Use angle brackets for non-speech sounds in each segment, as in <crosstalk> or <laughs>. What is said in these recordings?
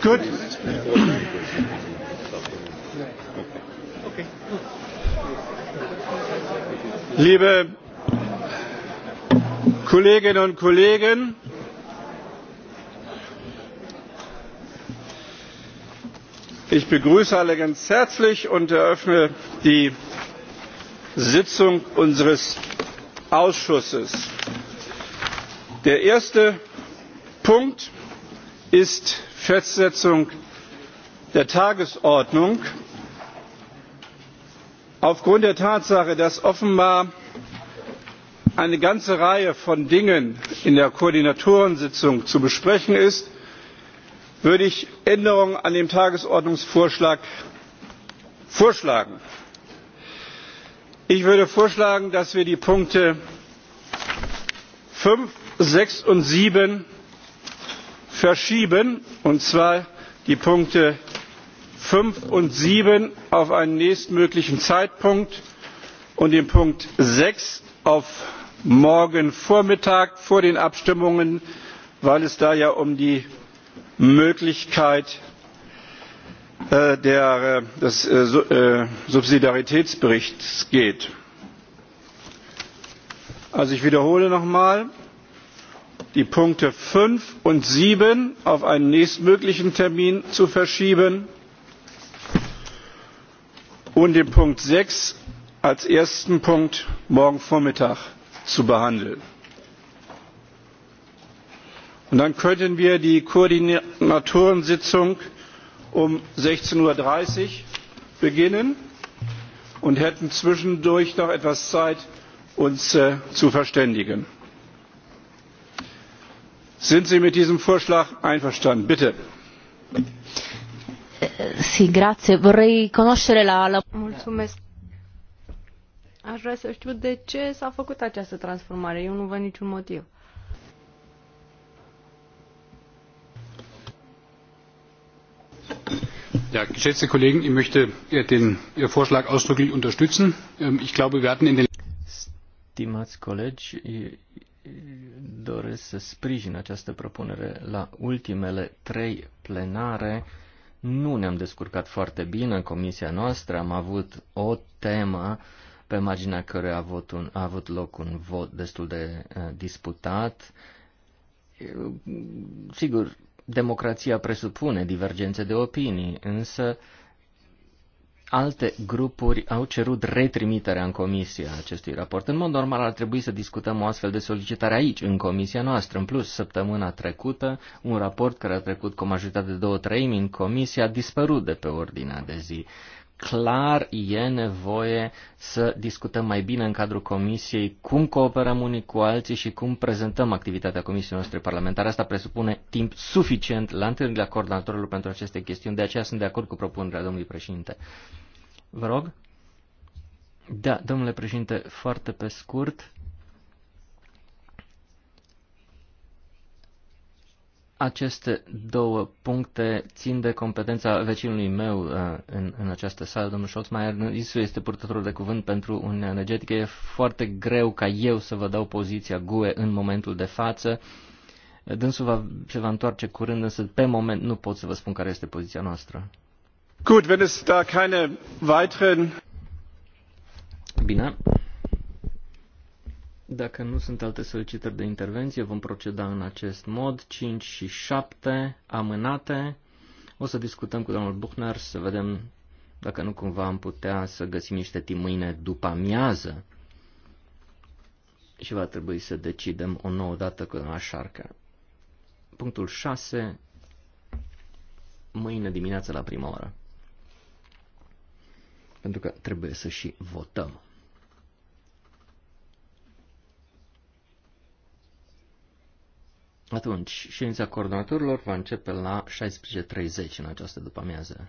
Good. Liebe Kolleginnen und Kollegen, ich begrüße alle ganz herzlich und eröffne die sitzung unseres ausschusses. der erste punkt ist festsetzung der tagesordnung aufgrund der tatsache dass offenbar eine ganze reihe von dingen in der koordinatorensitzung zu besprechen ist würde ich änderungen an dem tagesordnungsvorschlag vorschlagen. ich würde vorschlagen dass wir die punkte fünf sechs und sieben verschieben und zwar die punkte fünf und sieben auf einen nächstmöglichen zeitpunkt und den punkt sechs auf morgen vormittag vor den abstimmungen weil es da ja um die möglichkeit äh, äh, des äh, subsidiaritätsberichts geht. also ich wiederhole noch einmal die punkte fünf und sieben auf einen nächstmöglichen termin zu verschieben und den punkt sechs als ersten punkt morgen vormittag zu behandeln. Und dann könnten wir die koordinatorensitzung um. sechzehn dreißig uhr beginnen und hätten zwischendurch noch etwas zeit uns äh, zu verständigen. Sind Sie mit diesem Vorschlag einverstanden? Bitte. Aș vrea să știu de ce s-a făcut această transformare. Eu nu văd niciun motiv. Ja, geschätzte Kollegen, ich möchte äh, den Ihr Vorschlag ausdrücklich unterstützen. Ähm, ich glaube, wir hatten in den Stimați colegi, doresc să sprijin această propunere la ultimele trei plenare. Nu ne-am descurcat foarte bine în comisia noastră, am avut o temă pe marginea care a avut, un, a avut loc un vot destul de uh, disputat. Sigur, democrația presupune divergențe de opinii, însă uh, alte grupuri au cerut retrimiterea în comisie a acestui raport. În mod normal ar trebui să discutăm o astfel de solicitare aici, în comisia noastră. În plus, săptămâna trecută, un raport care a trecut cu majoritate de două treimi în comisie a dispărut de pe ordinea de zi clar e nevoie să discutăm mai bine în cadrul Comisiei cum cooperăm unii cu alții și cum prezentăm activitatea Comisiei noastre parlamentare. Asta presupune timp suficient la întâlnirea coordonatorilor pentru aceste chestiuni, de aceea sunt de acord cu propunerea domnului președinte. Vă rog? Da, domnule președinte, foarte pe scurt. Aceste două puncte țin de competența vecinului meu uh, în, în această sală, domnul Scholzmeier. Isu este purtătorul de cuvânt pentru Uniunea Energetică. E foarte greu ca eu să vă dau poziția GUE în momentul de față. Dânsul va, se va întoarce curând, însă pe moment nu pot să vă spun care este poziția noastră. Gut, wenn es da keine weiteren... Bine, dacă nu sunt alte solicitări de intervenție, vom proceda în acest mod. 5 și 7 amânate. O să discutăm cu domnul Buchner să vedem dacă nu cumva am putea să găsim niște timp mâine după amiază. Și va trebui să decidem o nouă dată cu domnul Șarca. Punctul 6. Mâine dimineață la prima oră. Pentru că trebuie să și votăm. Atunci, ședința coordonatorilor va începe la 16.30 în această după-amiază.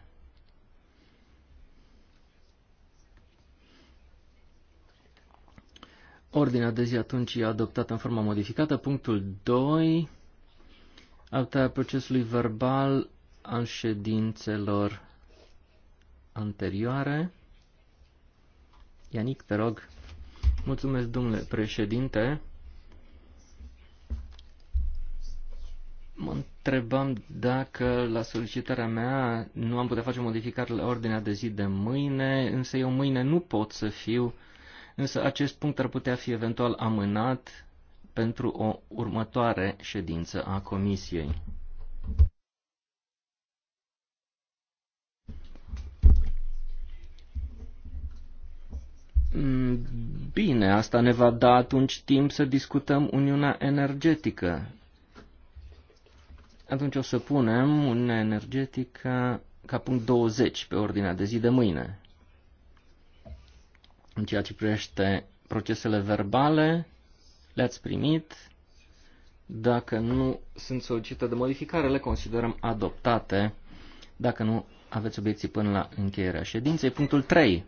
Ordinea de zi atunci e adoptată în forma modificată. Punctul 2. Aptarea procesului verbal al ședințelor anterioare. Ianic, te rog. Mulțumesc, domnule președinte. Mă întrebam dacă la solicitarea mea nu am putea face modificare la ordinea de zi de mâine, însă eu mâine nu pot să fiu, însă acest punct ar putea fi eventual amânat pentru o următoare ședință a comisiei. Mm, bine, asta ne va da atunci timp să discutăm Uniunea Energetică atunci o să punem Uniunea Energetică ca punct 20 pe ordinea de zi de mâine. În ceea ce privește procesele verbale, le-ați primit. Dacă nu sunt solicită de modificare, le considerăm adoptate. Dacă nu aveți obiecții până la încheierea ședinței. Punctul 3.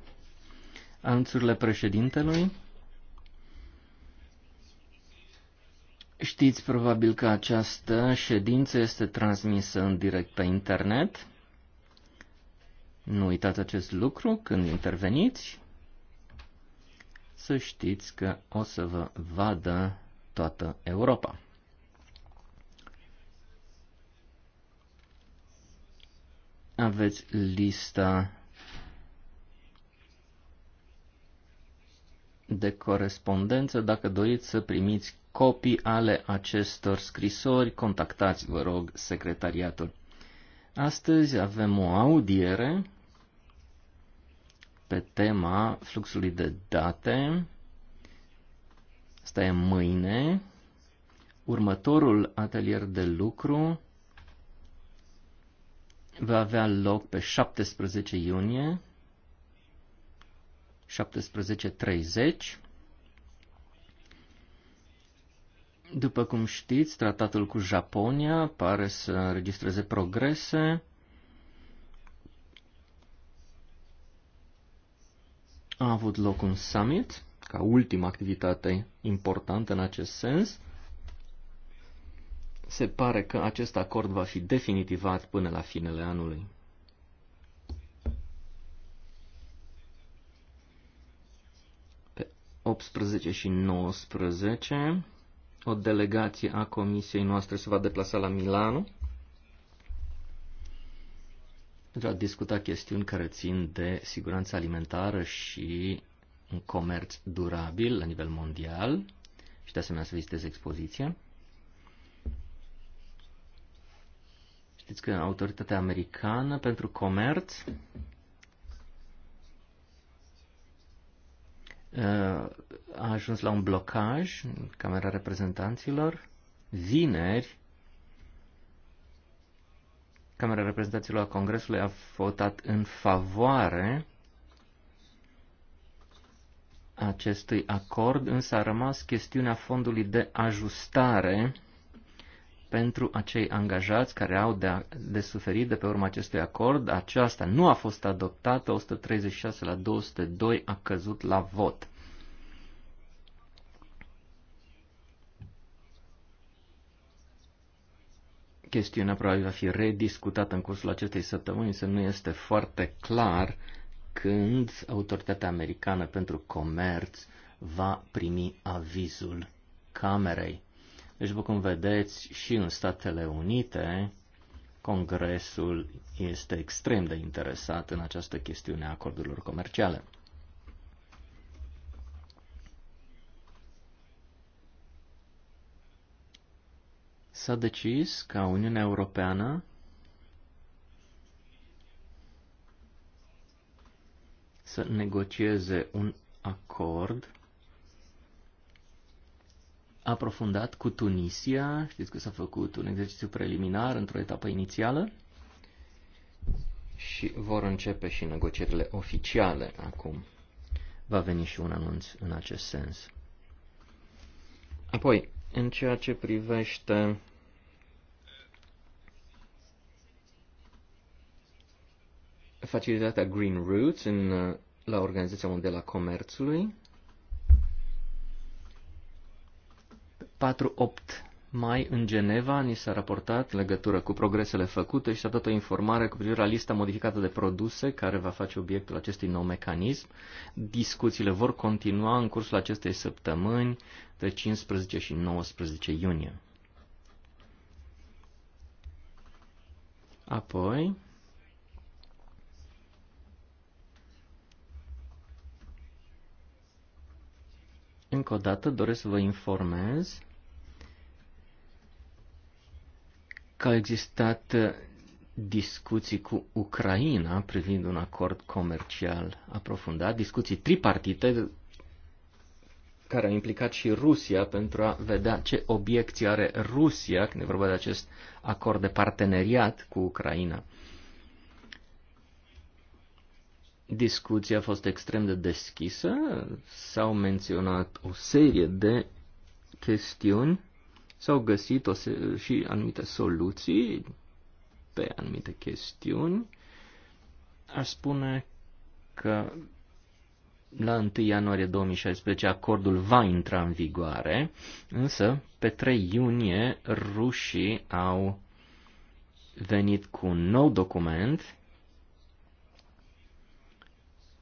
Anunțurile președintelui. Știți probabil că această ședință este transmisă în direct pe internet. Nu uitați acest lucru când interveniți. Să știți că o să vă vadă toată Europa. Aveți lista de corespondență. Dacă doriți să primiți copii ale acestor scrisori, contactați, vă rog, secretariatul. Astăzi avem o audiere pe tema fluxului de date. Asta e mâine. Următorul atelier de lucru va avea loc pe 17 iunie 1730. După cum știți, tratatul cu Japonia pare să înregistreze progrese. A avut loc un summit, ca ultima activitate importantă în acest sens. Se pare că acest acord va fi definitivat până la finele anului. 18 și 19, o delegație a comisiei noastre se va deplasa la Milano pentru a discuta chestiuni care țin de siguranța alimentară și un comerț durabil la nivel mondial și de asemenea să viziteze expoziția. Știți că autoritatea americană pentru comerț a ajuns la un blocaj în Camera Reprezentanților. Vineri, Camera Reprezentanților a Congresului a votat în favoare acestui acord, însă a rămas chestiunea fondului de ajustare pentru acei angajați care au de, a, de suferit de pe urma acestui acord. Aceasta nu a fost adoptată, 136 la 202 a căzut la vot. Chestiunea probabil va fi rediscutată în cursul acestei săptămâni, însă nu este foarte clar când Autoritatea Americană pentru Comerț va primi avizul Camerei. Deci, după cum vedeți, și în Statele Unite, Congresul este extrem de interesat în această chestiune a acordurilor comerciale. S-a decis ca Uniunea Europeană să negocieze un acord aprofundat cu Tunisia. Știți că s-a făcut un exercițiu preliminar într-o etapă inițială și vor începe și negocierile oficiale acum. Va veni și un anunț în acest sens. Apoi, în ceea ce privește facilitatea Green Roots în, la Organizația Mondială a Comerțului, 4-8 mai în Geneva ni s-a raportat legătură cu progresele făcute și s-a dat o informare cu privire la lista modificată de produse care va face obiectul acestui nou mecanism. Discuțiile vor continua în cursul acestei săptămâni de 15 și 19 iunie. Apoi, încă o dată doresc să vă informez că au existat uh, discuții cu Ucraina privind un acord comercial aprofundat, discuții tripartite care au implicat și Rusia pentru a vedea ce obiecții are Rusia când e vorba de acest acord de parteneriat cu Ucraina. Discuția a fost extrem de deschisă, s-au menționat o serie de chestiuni S-au găsit o se- și anumite soluții pe anumite chestiuni. Aș spune că la 1 ianuarie 2016 acordul va intra în vigoare, însă pe 3 iunie rușii au venit cu un nou document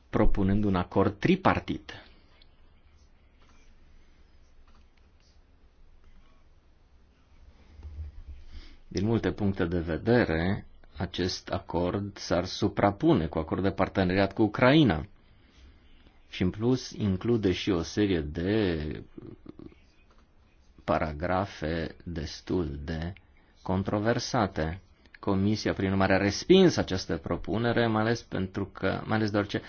propunând un acord tripartit. Din multe puncte de vedere, acest acord s-ar suprapune cu acord de parteneriat cu Ucraina. Și în plus include și o serie de paragrafe destul de controversate. Comisia, prin urmare, a respins această propunere, mai ales pentru că, mai ales deoarece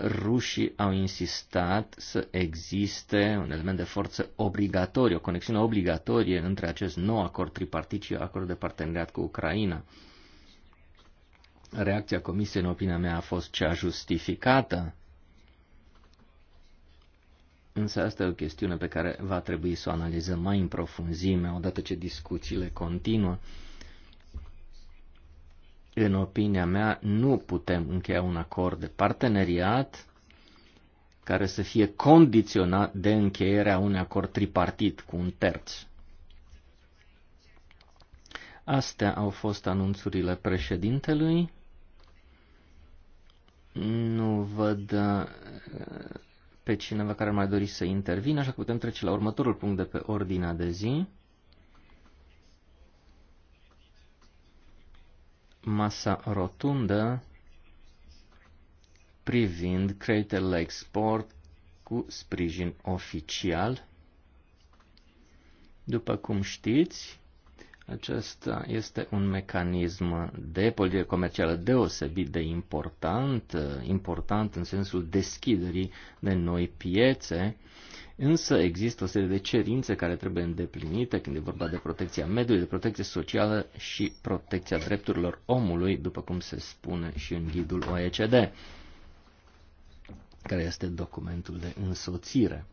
rușii au insistat să existe un element de forță obligatoriu, o conexiune obligatorie între acest nou acord tripartit și acord de parteneriat cu Ucraina. Reacția Comisiei, în opinia mea, a fost cea justificată, însă asta e o chestiune pe care va trebui să o analizăm mai în profunzime odată ce discuțiile continuă în opinia mea, nu putem încheia un acord de parteneriat care să fie condiționat de încheierea unui acord tripartit cu un terț. Astea au fost anunțurile președintelui. Nu văd uh, pe cineva care mai dori să intervină, așa că putem trece la următorul punct de pe ordinea de zi. masa rotundă privind creditele la export cu sprijin oficial. După cum știți, acesta este un mecanism de politică comercială deosebit de important, important în sensul deschiderii de noi piețe Însă există o serie de cerințe care trebuie îndeplinite când e vorba de protecția mediului, de protecție socială și protecția drepturilor omului, după cum se spune și în ghidul OECD, care este documentul de însoțire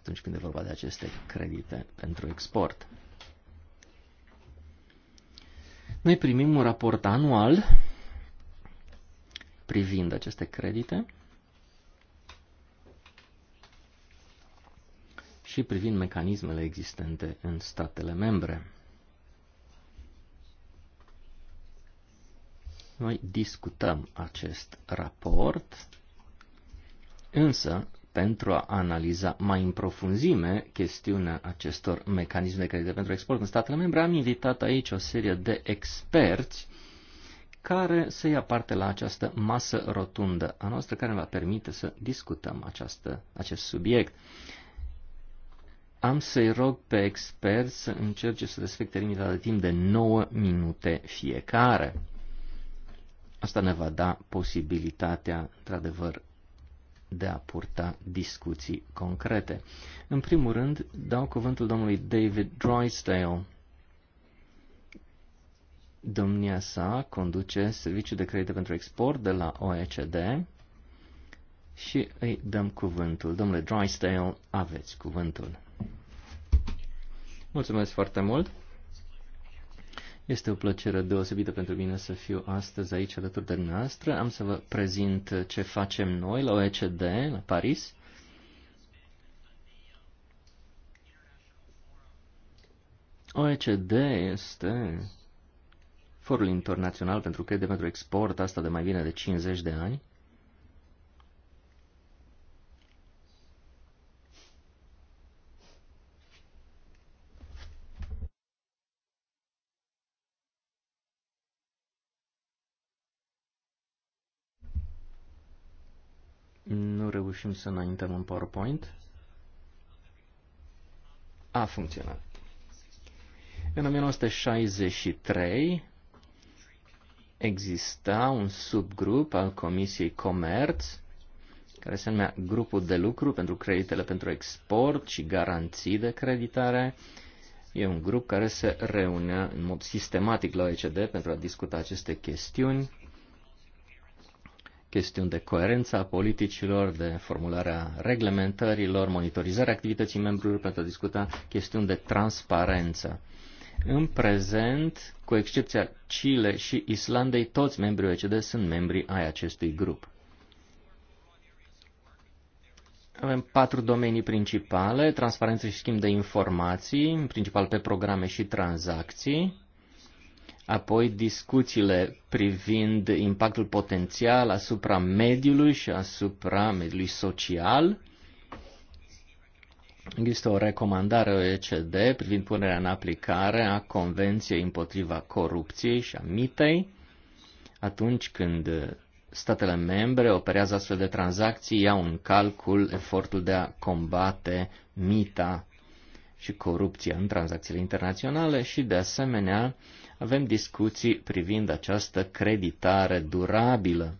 atunci când e vorba de aceste credite pentru export. Noi primim un raport anual privind aceste credite și privind mecanismele existente în statele membre. Noi discutăm acest raport, însă pentru a analiza mai în profunzime chestiunea acestor mecanisme de credite pentru export în statele membre, am invitat aici o serie de experți care să ia parte la această masă rotundă a noastră care ne va permite să discutăm această, acest subiect. Am să-i rog pe experți să încerce să respecte limita de timp de 9 minute fiecare. Asta ne va da posibilitatea, într-adevăr, de a purta discuții concrete. În primul rând, dau cuvântul domnului David Drysdale. Domnia sa conduce serviciul de credite pentru export de la OECD și îi dăm cuvântul. Domnule Drysdale, aveți cuvântul. Mulțumesc foarte mult! Este o plăcere deosebită pentru mine să fiu astăzi aici alături de noastră. Am să vă prezint ce facem noi la OECD, la Paris. OECD este forul internațional pentru credite pentru export, asta de mai bine de 50 de ani. Nu reușim să înaintăm în PowerPoint. A funcționat. În 1963 exista un subgrup al Comisiei Comerț care se numea Grupul de lucru pentru creditele pentru export și garanții de creditare. E un grup care se reunea în mod sistematic la OECD pentru a discuta aceste chestiuni chestiuni de coerență a politicilor, de formularea reglementărilor, monitorizarea activității membrilor pentru a discuta chestiuni de transparență. În prezent, cu excepția Chile și Islandei, toți membrii OECD sunt membri ai acestui grup. Avem patru domenii principale, transparență și schimb de informații, în principal pe programe și tranzacții, apoi discuțiile privind impactul potențial asupra mediului și asupra mediului social. Există o recomandare OECD privind punerea în aplicare a Convenției împotriva corupției și a mitei. Atunci când statele membre operează astfel de tranzacții, iau în calcul efortul de a combate mita și corupția în tranzacțiile internaționale și, de asemenea, avem discuții privind această creditare durabilă.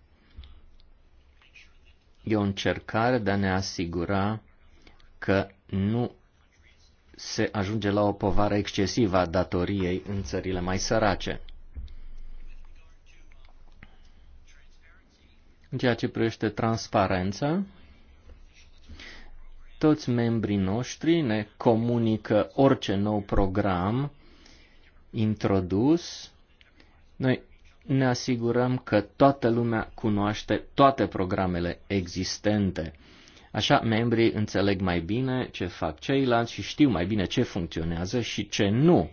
E o încercare de a ne asigura că nu se ajunge la o povară excesivă a datoriei în țările mai sărace. În ceea ce privește transparența, toți membrii noștri ne comunică orice nou program introdus, noi ne asigurăm că toată lumea cunoaște toate programele existente. Așa, membrii înțeleg mai bine ce fac ceilalți și știu mai bine ce funcționează și ce nu.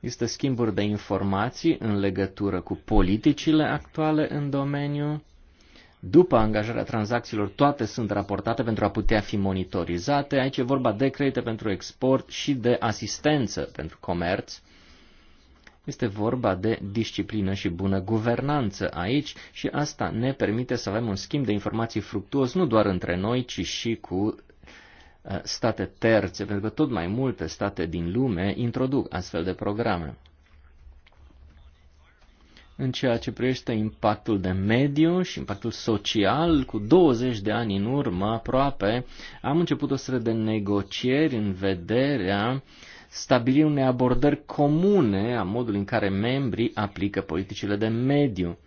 Este schimburi de informații în legătură cu politicile actuale în domeniu. După angajarea tranzacțiilor, toate sunt raportate pentru a putea fi monitorizate. Aici e vorba de credite pentru export și de asistență pentru comerț este vorba de disciplină și bună guvernanță aici și asta ne permite să avem un schimb de informații fructuos nu doar între noi, ci și cu uh, state terțe, pentru că tot mai multe state din lume introduc astfel de programe. În ceea ce privește impactul de mediu și impactul social, cu 20 de ani în urmă aproape, am început o serie de negocieri în vederea uh, stabili unei abordări comune a modului în care membrii aplică politicile de mediu.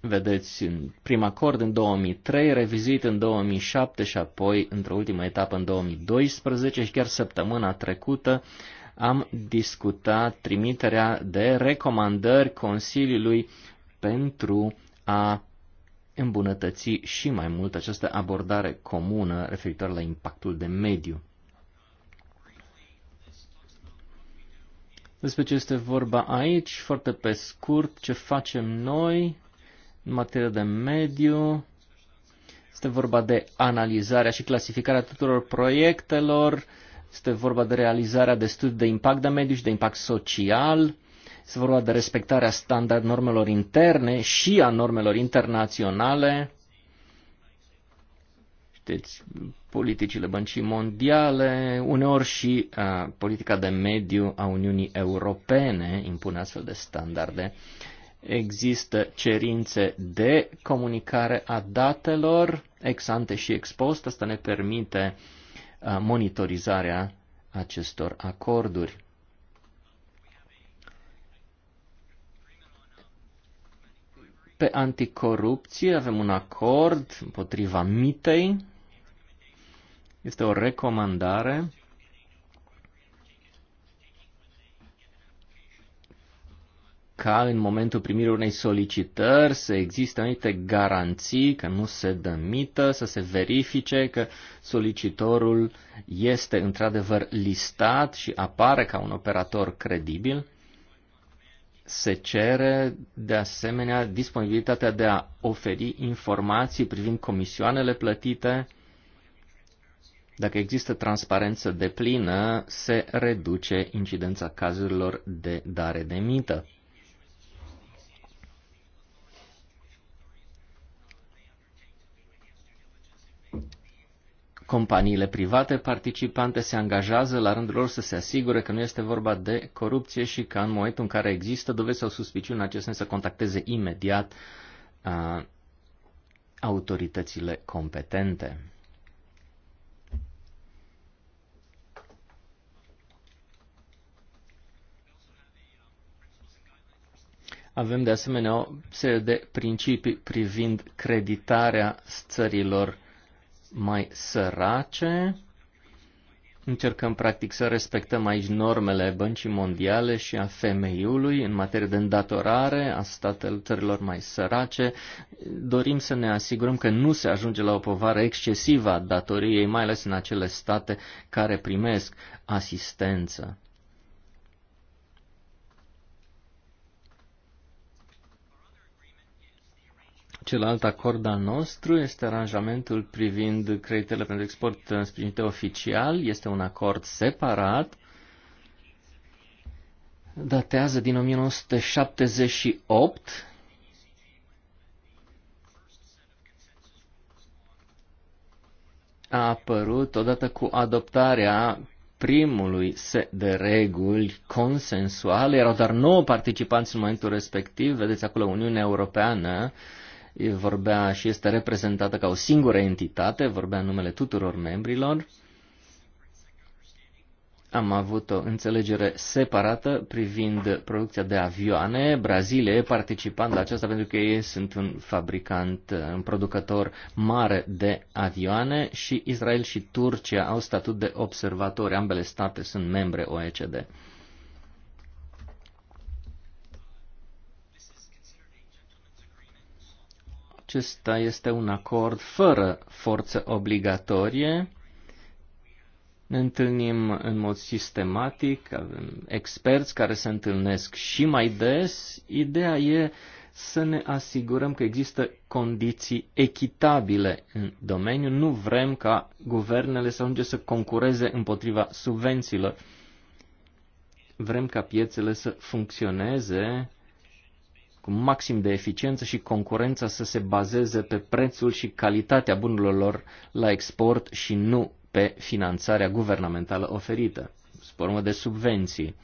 Vedeți, în prim acord în 2003, revizuit în 2007 și apoi, într-o ultimă etapă, în 2012 și chiar săptămâna trecută, am discutat trimiterea de recomandări Consiliului pentru a îmbunătăți și mai mult această abordare comună referitoare la impactul de mediu. Despre ce este vorba aici, foarte pe scurt, ce facem noi în materie de mediu. Este vorba de analizarea și clasificarea tuturor proiectelor, este vorba de realizarea de studii de impact de mediu și de impact social, este vorba de respectarea standard normelor interne și a normelor internaționale, știți, politicile băncii mondiale, uneori și a, politica de mediu a Uniunii Europene impune astfel de standarde. Există cerințe de comunicare a datelor ex ante și ex post. Asta ne permite a, monitorizarea acestor acorduri. pe anticorupție avem un acord împotriva mitei. Este o recomandare ca în momentul primirii unei solicitări să existe anumite garanții că nu se dă mită, să se verifice că solicitorul este într-adevăr listat și apare ca un operator credibil. Se cere de asemenea disponibilitatea de a oferi informații privind comisioanele plătite, dacă există transparență deplină, se reduce incidența cazurilor de dare de mită. Companiile private participante se angajează la rândul lor să se asigure că nu este vorba de corupție și că în momentul în care există dovezi sau suspiciuni în acest sens să contacteze imediat uh, autoritățile competente. Avem de asemenea o serie de principii privind creditarea țărilor mai sărace. Încercăm practic să respectăm aici normele băncii mondiale și a femeiului în materie de îndatorare a statelor țărilor mai sărace. Dorim să ne asigurăm că nu se ajunge la o povară excesivă a datoriei, mai ales în acele state care primesc asistență. Celălalt acord al nostru este aranjamentul privind creditele pentru export sprijinite oficial. Este un acord separat. Datează din 1978. A apărut odată cu adoptarea primului set de reguli consensuale. Erau doar nouă participanți în momentul respectiv. Vedeți acolo Uniunea Europeană, vorbea și este reprezentată ca o singură entitate, vorbea în numele tuturor membrilor. Am avut o înțelegere separată privind producția de avioane. Brazilia e participant la aceasta pentru că ei sunt un fabricant, un producător mare de avioane și Israel și Turcia au statut de observatori. Ambele state sunt membre OECD. Acesta este un acord fără forță obligatorie. Ne întâlnim în mod sistematic, avem experți care se întâlnesc și mai des. Ideea e să ne asigurăm că există condiții echitabile în domeniu. Nu vrem ca guvernele să ajunge să concureze împotriva subvențiilor. Vrem ca piețele să funcționeze cu maxim de eficiență și concurența să se bazeze pe prețul și calitatea bunurilor lor la export și nu pe finanțarea guvernamentală oferită, formă de subvenții.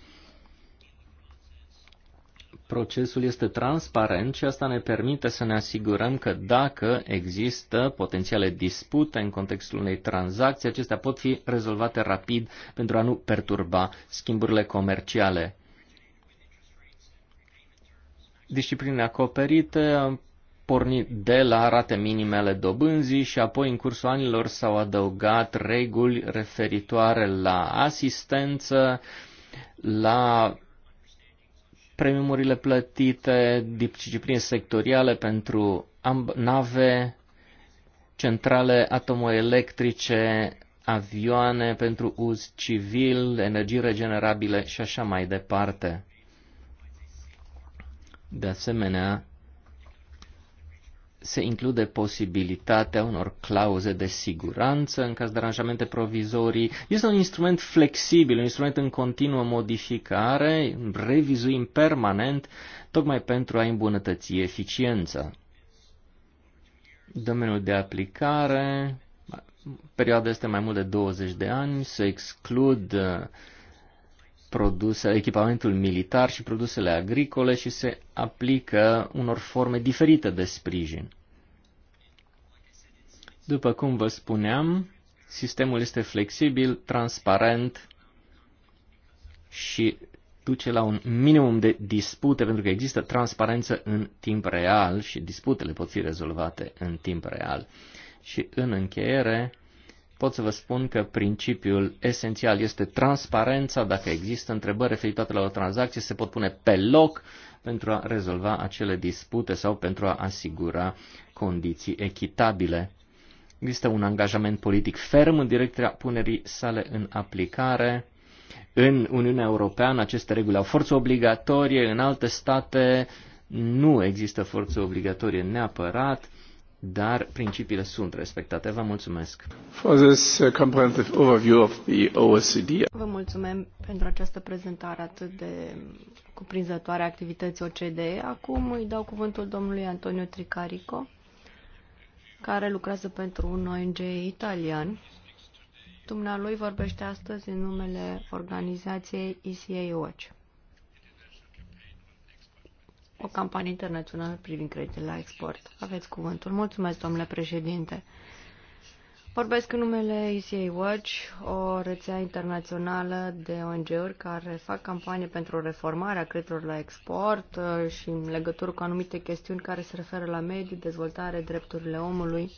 Procesul este transparent și asta ne permite să ne asigurăm că dacă există potențiale dispute în contextul unei tranzacții, acestea pot fi rezolvate rapid pentru a nu perturba schimburile comerciale discipline acoperite, am pornit de la rate minime ale dobânzii și apoi în cursul anilor s-au adăugat reguli referitoare la asistență, la premiumurile plătite, discipline sectoriale pentru nave, centrale atomoelectrice, avioane pentru uz civil, energii regenerabile și așa mai departe. De asemenea, se include posibilitatea unor clauze de siguranță în caz de aranjamente provizorii. Este un instrument flexibil, un instrument în continuă modificare, revizuim permanent, tocmai pentru a îmbunătăți eficiența. Domeniul de aplicare, perioada este mai mult de 20 de ani, se exclud uh, produse, echipamentul militar și produsele agricole și se aplică unor forme diferite de sprijin. După cum vă spuneam, sistemul este flexibil, transparent și duce la un minimum de dispute, pentru că există transparență în timp real și disputele pot fi rezolvate în timp real. Și în încheiere, pot să vă spun că principiul esențial este transparența. Dacă există întrebări referitoare la o tranzacție, se pot pune pe loc pentru a rezolva acele dispute sau pentru a asigura condiții echitabile. Există un angajament politic ferm în direcția punerii sale în aplicare. În Uniunea Europeană aceste reguli au forță obligatorie, în alte state nu există forță obligatorie neapărat dar principiile sunt respectate. Vă mulțumesc. For this uh, comprehensive overview of the OECD. Vă mulțumim pentru această prezentare atât de cuprinzătoare a activității OCDE. Acum îi dau cuvântul domnului Antonio Tricarico, care lucrează pentru un ONG italian. Dumnealui vorbește astăzi în numele organizației ECA Watch o campanie internațională privind creditele la export. Aveți cuvântul. Mulțumesc, domnule președinte. Vorbesc în numele ECA Watch, o rețea internațională de ONG-uri care fac campanie pentru reformarea creditelor la export uh, și în legătură cu anumite chestiuni care se referă la mediu, dezvoltare, drepturile omului,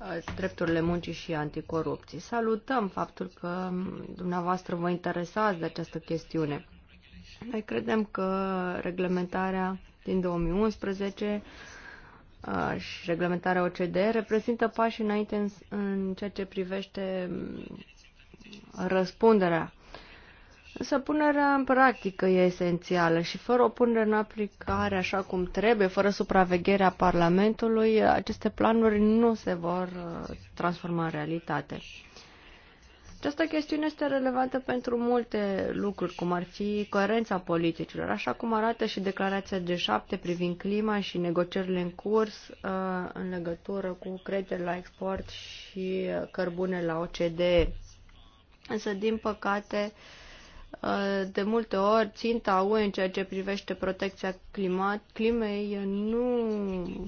uh, drepturile muncii și anticorupții. Salutăm faptul că mm, dumneavoastră vă interesați de această chestiune. Noi credem că reglementarea din 2011 uh, și reglementarea OCD reprezintă pași înainte în, în ceea ce privește mm, răspunderea. Însă punerea în practică e esențială și fără o punere în aplicare așa cum trebuie, fără supravegherea Parlamentului, aceste planuri nu se vor uh, transforma în realitate. Această chestiune este relevantă pentru multe lucruri, cum ar fi coerența politicilor, așa cum arată și declarația G7 privind clima și negocierile în curs uh, în legătură cu creditele la export și uh, cărbune la OCDE. Însă, din păcate, uh, de multe ori, ținta UE în ceea ce privește protecția climat, climei nu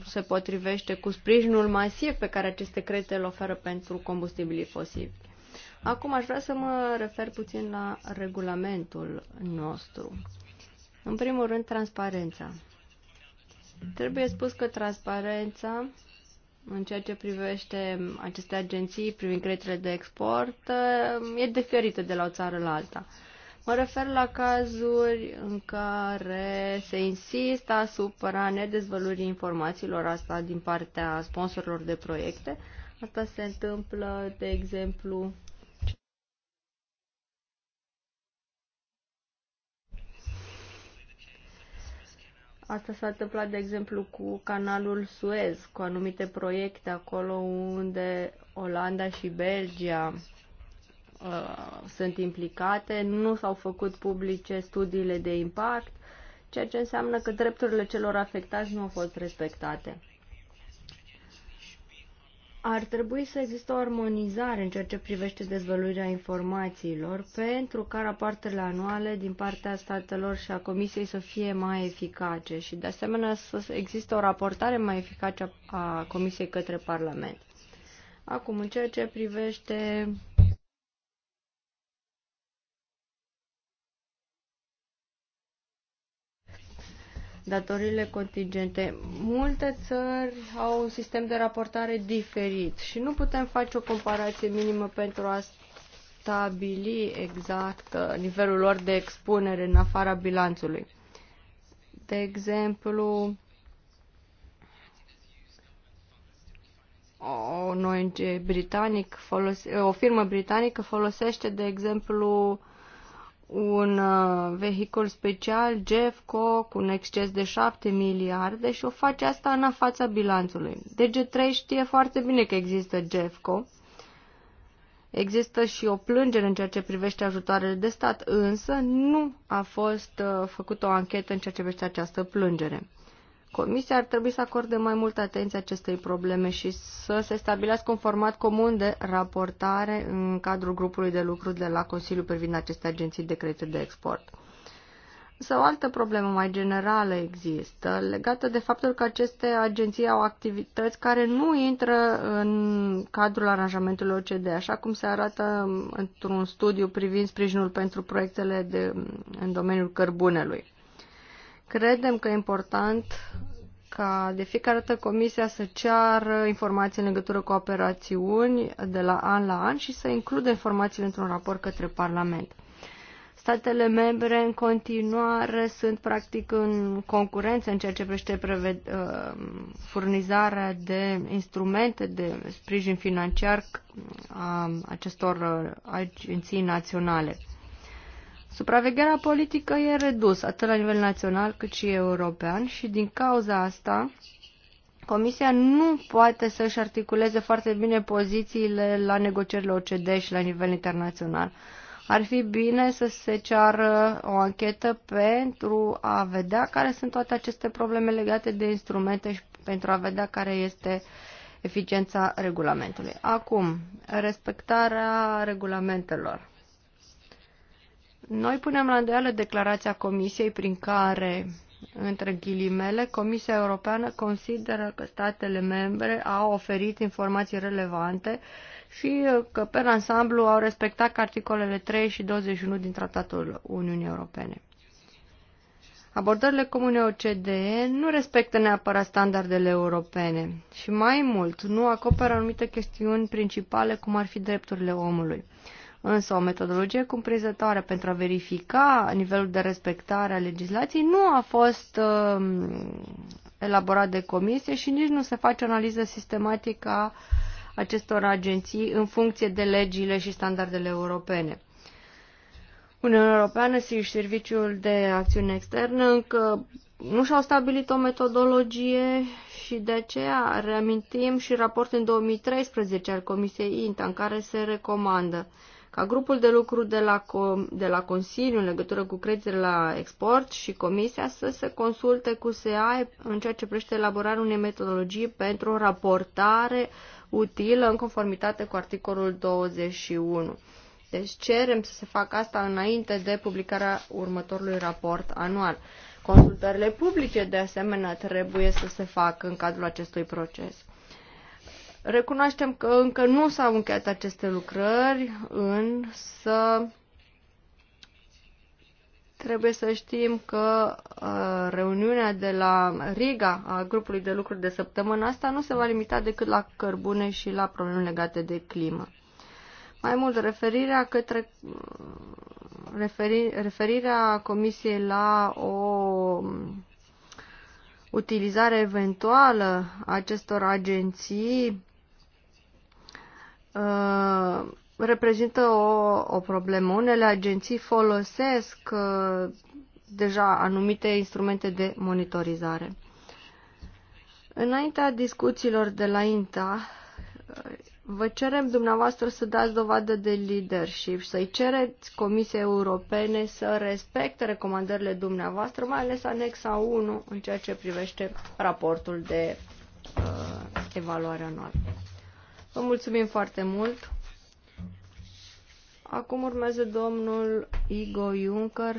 se potrivește cu sprijinul masiv pe care aceste credite îl oferă pentru combustibilii fosili. Acum aș vrea să mă refer puțin la regulamentul nostru. În primul rând, transparența. Trebuie spus că transparența în ceea ce privește aceste agenții privind creditele de export e diferită de la o țară la alta. Mă refer la cazuri în care se insistă asupra nedezvăluirii informațiilor asta din partea sponsorilor de proiecte. Asta se întâmplă, de exemplu, Asta s-a întâmplat, de exemplu, cu canalul Suez, cu anumite proiecte acolo unde Olanda și Belgia uh, sunt implicate, nu s-au făcut publice studiile de impact, ceea ce înseamnă că drepturile celor afectați nu au fost respectate ar trebui să existe o armonizare în ceea ce privește dezvăluirea informațiilor pentru ca rapoartele anuale din partea statelor și a Comisiei să fie mai eficace și de asemenea să existe o raportare mai eficace a Comisiei către Parlament. Acum, în ceea ce privește datorile contingente. Multe țări au un sistem de raportare diferit și nu putem face o comparație minimă pentru a stabili exact uh, nivelul lor de expunere în afara bilanțului. De exemplu, o ONG britanic, o firmă britanică folosește, de exemplu, un uh, vehicul special, Jeffco, cu un exces de 7 miliarde și o face asta în fața bilanțului. DG3 deci, știe foarte bine că există Jeffco, Există și o plângere în ceea ce privește ajutoarele de stat, însă nu a fost uh, făcută o anchetă în ceea ce privește această plângere. Comisia ar trebui să acorde mai multă atenție acestei probleme și să se stabilească un format comun de raportare în cadrul grupului de lucru de la Consiliul privind aceste agenții de credite de export. Sau o altă problemă mai generală există, legată de faptul că aceste agenții au activități care nu intră în cadrul aranjamentului OCD, așa cum se arată într-un studiu privind sprijinul pentru proiectele de, în domeniul cărbunelui. Credem că e important ca de fiecare dată comisia să ceară informații în legătură cu operațiuni de la an la an și să includă informațiile într-un raport către Parlament. Statele membre în continuare sunt practic în concurență în ceea ce privește uh, furnizarea de instrumente de sprijin financiar a uh, acestor uh, agenții naționale. Supravegherea politică e redusă, atât la nivel național cât și european și din cauza asta Comisia nu poate să-și articuleze foarte bine pozițiile la negocierile OCD și la nivel internațional. Ar fi bine să se ceară o anchetă pentru a vedea care sunt toate aceste probleme legate de instrumente și pentru a vedea care este eficiența regulamentului. Acum, respectarea regulamentelor. Noi punem la îndoială declarația Comisiei prin care, între ghilimele, Comisia Europeană consideră că statele membre au oferit informații relevante și uh, că, pe ansamblu, au respectat articolele 3 și 21 din Tratatul Uniunii Europene. Abordările comune OCDE nu respectă neapărat standardele europene și mai mult nu acoperă anumite chestiuni principale cum ar fi drepturile omului. Însă o metodologie cumprinzătoare pentru a verifica nivelul de respectare a legislației nu a fost uh, elaborat de comisie și nici nu se face o analiză sistematică a acestor agenții în funcție de legile și standardele europene. Uniunea Europeană și Serviciul de Acțiune Externă încă nu și-au stabilit o metodologie și de aceea reamintim și raportul în 2013 al Comisiei INTA în care se recomandă uh, ca grupul de lucru de la, de la Consiliu în legătură cu creditele la export și Comisia să se consulte cu SEAE în ceea ce privește elaborarea unei metodologii pentru o raportare utilă în conformitate cu articolul 21. Deci cerem să se facă asta înainte de publicarea următorului raport anual. Consultările publice, de asemenea, trebuie să se facă în cadrul acestui proces. Recunoaștem că încă nu s-au încheiat aceste lucrări, însă trebuie să știm că uh, reuniunea de la Riga a grupului de lucru de săptămână asta nu se va limita decât la cărbune și la probleme legate de climă. Mai mult, referirea către referi, referirea Comisiei la o utilizare eventuală a acestor agenții Uh, reprezintă o, o problemă. Unele agenții folosesc uh, deja anumite instrumente de monitorizare. Înaintea discuțiilor de la INTA, uh, vă cerem dumneavoastră să dați dovadă de leadership și să-i cereți Comisiei Europene să respecte recomandările dumneavoastră, mai ales anexa 1 în ceea ce privește raportul de uh, evaluare anuală. Vă mulțumim foarte mult. Acum urmează domnul Igo Juncker,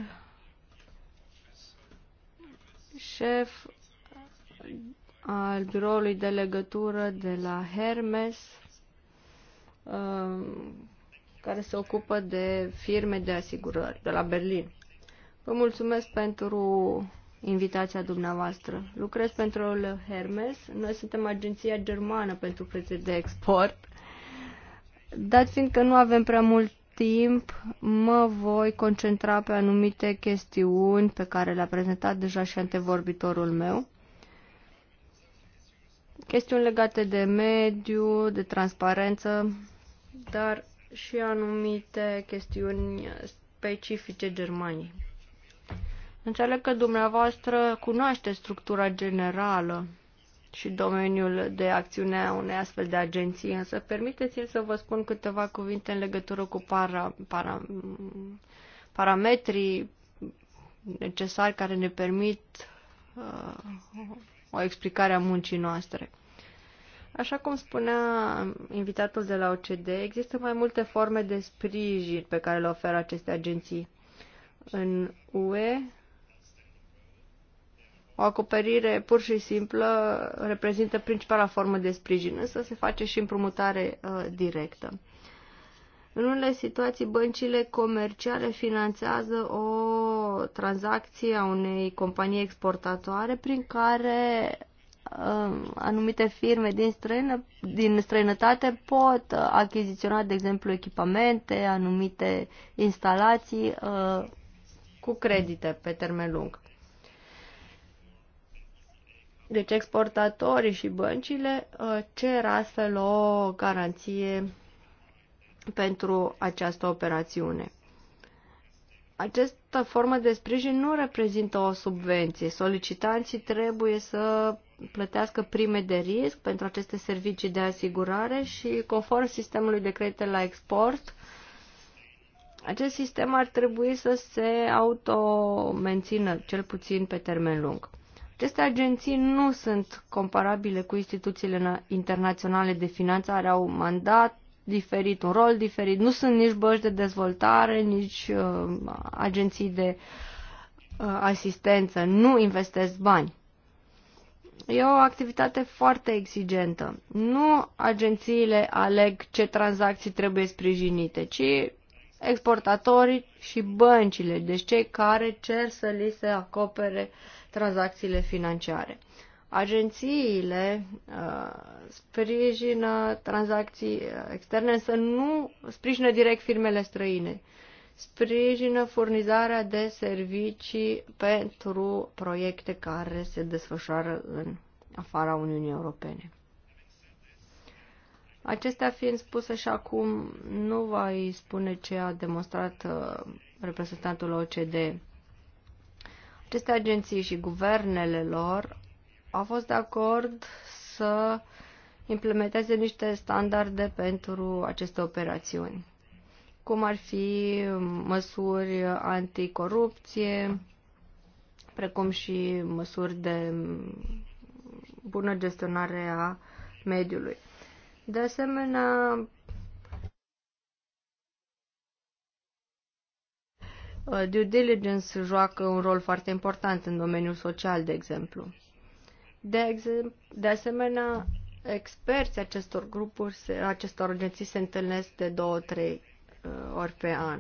șef al biroului de legătură de la Hermes, um, care se ocupă de firme de asigurări de la Berlin. Vă mulțumesc pentru invitația dumneavoastră. Lucrez pentru Hermes. Noi suntem agenția germană pentru prețe de export. Dat fiind că nu avem prea mult timp, mă voi concentra pe anumite chestiuni pe care le-a prezentat deja și antevorbitorul meu. Chestiuni legate de mediu, de transparență, dar și anumite chestiuni specifice Germaniei. Înțeleg că dumneavoastră cunoaște structura generală și domeniul de acțiune a unei astfel de agenții, însă permiteți l să vă spun câteva cuvinte în legătură cu para, para, parametrii necesari care ne permit uh, o explicare a muncii noastre. Așa cum spunea invitatul de la OCD, există mai multe forme de sprijin pe care le oferă aceste agenții. În UE o acoperire pur și simplă reprezintă principala formă de sprijin, însă se face și împrumutare uh, directă. În unele situații, băncile comerciale finanțează o tranzacție a unei companii exportatoare prin care uh, anumite firme din, străină, din străinătate pot achiziționa, de exemplu, echipamente, anumite instalații uh, cu credite pe termen lung. Deci exportatorii și băncile uh, cer astfel o garanție pentru această operațiune. Această formă de sprijin nu reprezintă o subvenție. Solicitanții trebuie să plătească prime de risc pentru aceste servicii de asigurare și, conform sistemului de credite la export, acest sistem ar trebui să se auto-mențină, cel puțin pe termen lung. Aceste agenții nu sunt comparabile cu instituțiile internaționale de finanțare, au un mandat diferit, un rol diferit, nu sunt nici băști de dezvoltare, nici uh, agenții de uh, asistență, nu investesc bani. E o activitate foarte exigentă. Nu agențiile aleg ce tranzacții trebuie sprijinite, ci exportatorii și băncile, deci cei care cer să li se acopere uh, tranzacțiile financiare. Agențiile uh, sprijină tranzacții externe, însă nu sprijină direct firmele străine. Sprijină furnizarea de servicii pentru proiecte care se desfășoară în afara Uniunii Europene. Acestea fiind spuse și acum, nu va spune ce a demonstrat uh, reprezentantul OCDE. Aceste agenții și guvernele lor au fost de acord să implementeze niște standarde pentru aceste operațiuni, cum ar fi măsuri anticorupție, precum și măsuri de bună gestionare a mediului. De asemenea, Uh, due diligence joacă un rol foarte important în domeniul social, de exemplu. De, exemplu, de asemenea, experții acestor grupuri, acestor agenții se întâlnesc de două, trei uh, ori pe an.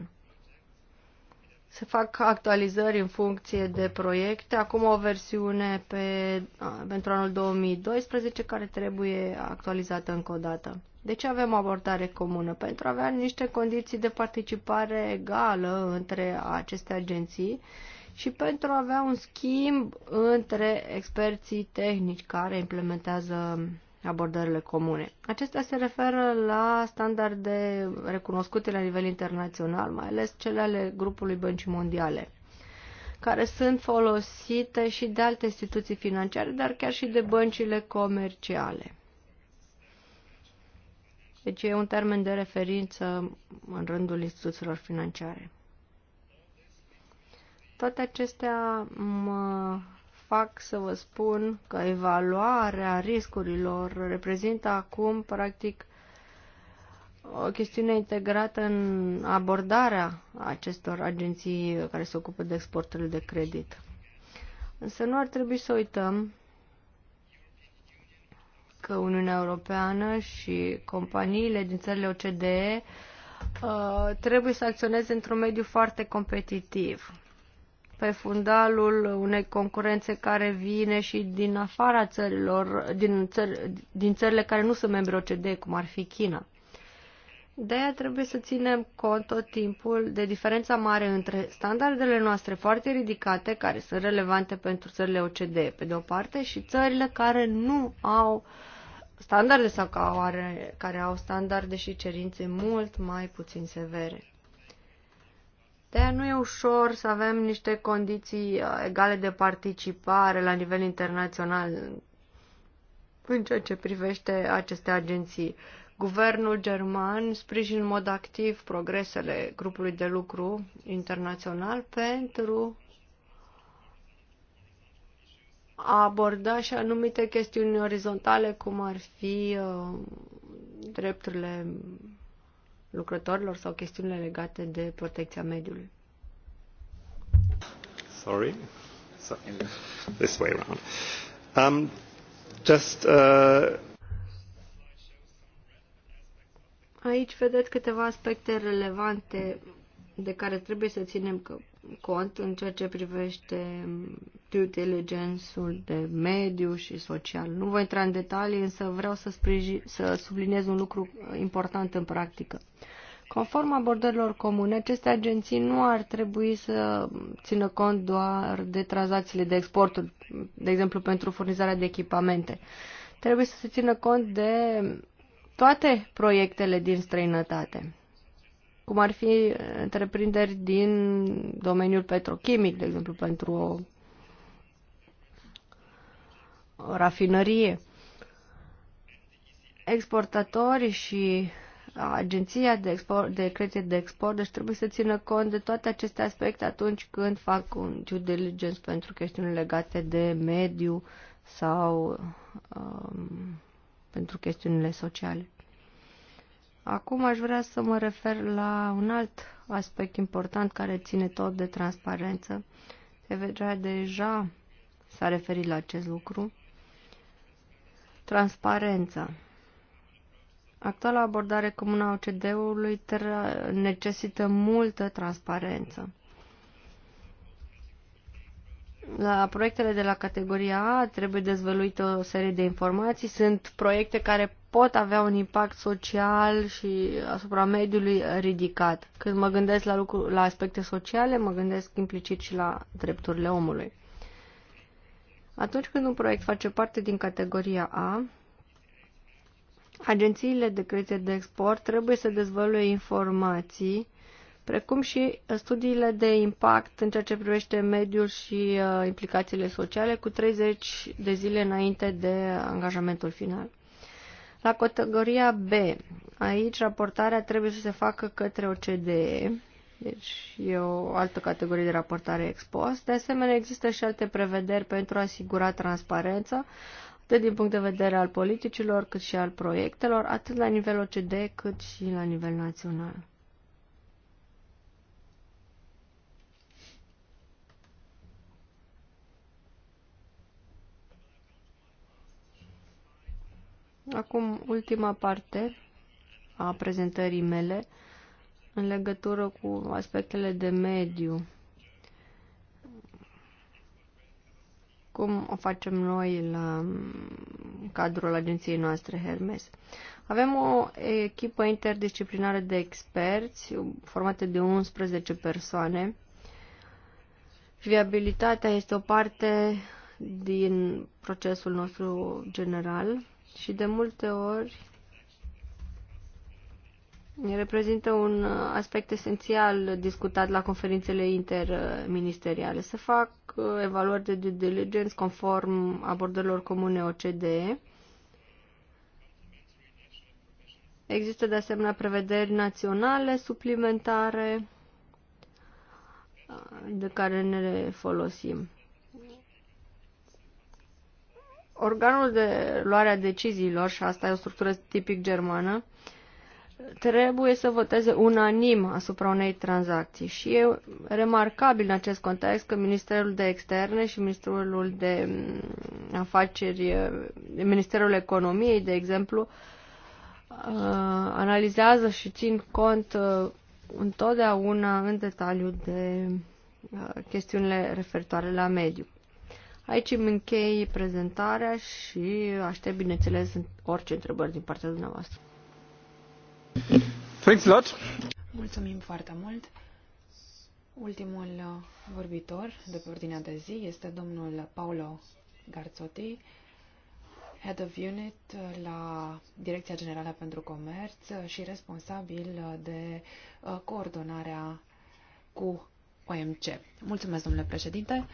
Se fac actualizări în funcție de proiecte. Acum o versiune pe, pentru anul 2012 care trebuie actualizată încă o dată. De deci ce avem abordare comună? Pentru a avea niște condiții de participare egală între aceste agenții și pentru a avea un schimb între experții tehnici care implementează abordările comune. Acestea se referă la standarde recunoscute la nivel internațional, mai ales cele ale grupului Băncii Mondiale, care sunt folosite și de alte instituții financiare, dar chiar și de băncile comerciale. Deci e un termen de referință în rândul instituțiilor financiare. Toate acestea mă fac să vă spun că evaluarea riscurilor reprezintă acum, practic, o chestiune integrată în abordarea acestor agenții care se ocupă de exporturile de credit. Însă nu ar trebui să uităm că Uniunea Europeană și companiile din țările OCDE uh, trebuie să acționeze într-un mediu foarte competitiv pe fundalul unei concurențe care vine și din afara țărilor, din, țări, din țările care nu sunt membri OCD, cum ar fi China. De aia trebuie să ținem cont tot timpul de diferența mare între standardele noastre foarte ridicate, care sunt relevante pentru țările OCD, pe de o parte, și țările care nu au standarde sau care au standarde și cerințe mult mai puțin severe de nu e ușor să avem niște condiții uh, egale de participare la nivel internațional în ceea ce privește aceste agenții. Guvernul german sprijin în mod activ progresele grupului de lucru internațional pentru a aborda și anumite chestiuni orizontale, cum ar fi uh, drepturile lucrătorilor sau chestiunile legate de protecția mediului. Sorry. Sorry. This way around. Um, just, uh... Aici vedeți câteva aspecte relevante de care trebuie să ținem că cont în ceea ce privește due diligence-ul de mediu și social. Nu voi intra în detalii, însă vreau să, sprijin, să subliniez un lucru important în practică. Conform abordărilor comune, aceste agenții nu ar trebui să țină cont doar de tranzacțiile de exporturi, de exemplu pentru furnizarea de echipamente. Trebuie să se țină cont de toate proiectele din străinătate cum ar fi întreprinderi din domeniul petrochimic, de exemplu, pentru o, o rafinărie. Exportatorii și agenția de, export, de credit de export, deci trebuie să țină cont de toate aceste aspecte atunci când fac un due diligence pentru chestiuni legate de mediu sau um, pentru chestiunile sociale. Acum aș vrea să mă refer la un alt aspect important care ține tot de transparență. Evedrea deja s-a referit la acest lucru. Transparența. Actuala abordare comună a OCD-ului necesită multă transparență. La proiectele de la categoria A trebuie dezvăluită o serie de informații. Sunt proiecte care pot avea un impact social și asupra mediului ridicat. Când mă gândesc la, lucru, la aspecte sociale, mă gândesc implicit și la drepturile omului. Atunci când un proiect face parte din categoria A, agențiile de creție de export trebuie să dezvăluie informații, precum și studiile de impact în ceea ce privește mediul și uh, implicațiile sociale cu 30 de zile înainte de angajamentul final. La categoria B, aici raportarea trebuie să se facă către OCDE, deci e o altă categorie de raportare expost. De asemenea, există și alte prevederi pentru a asigura transparența, atât din punct de vedere al politicilor, cât și al proiectelor, atât la nivel OCDE, cât și la nivel național. Acum, ultima parte a prezentării mele în legătură cu aspectele de mediu. Cum o facem noi la cadrul agenției noastre Hermes. Avem o echipă interdisciplinară de experți formată de 11 persoane. Viabilitatea este o parte din procesul nostru general și de multe ori reprezintă un aspect esențial discutat la conferințele interministeriale. Se fac uh, evaluări de due diligence conform abordărilor comune OCDE. Există de asemenea prevederi naționale suplimentare uh, de care ne folosim organul de luare a deciziilor, și asta e o structură tipic germană, trebuie să voteze unanim asupra unei tranzacții. Și e remarcabil în acest context că Ministerul de Externe și Ministerul de mm, Afaceri, Ministerul Economiei, de exemplu, uh, analizează și țin cont uh, întotdeauna în detaliu de uh, chestiunile referitoare la mediu. Aici îmi închei prezentarea și aștept, bineînțeles, orice întrebări din partea dumneavoastră. Thanks a lot. Mulțumim foarte mult. Ultimul uh, vorbitor de pe ordinea de zi este domnul Paolo Garzotti, Head of Unit la Direcția Generală pentru Comerț și responsabil de uh, coordonarea cu OMC. Mulțumesc, domnule președinte.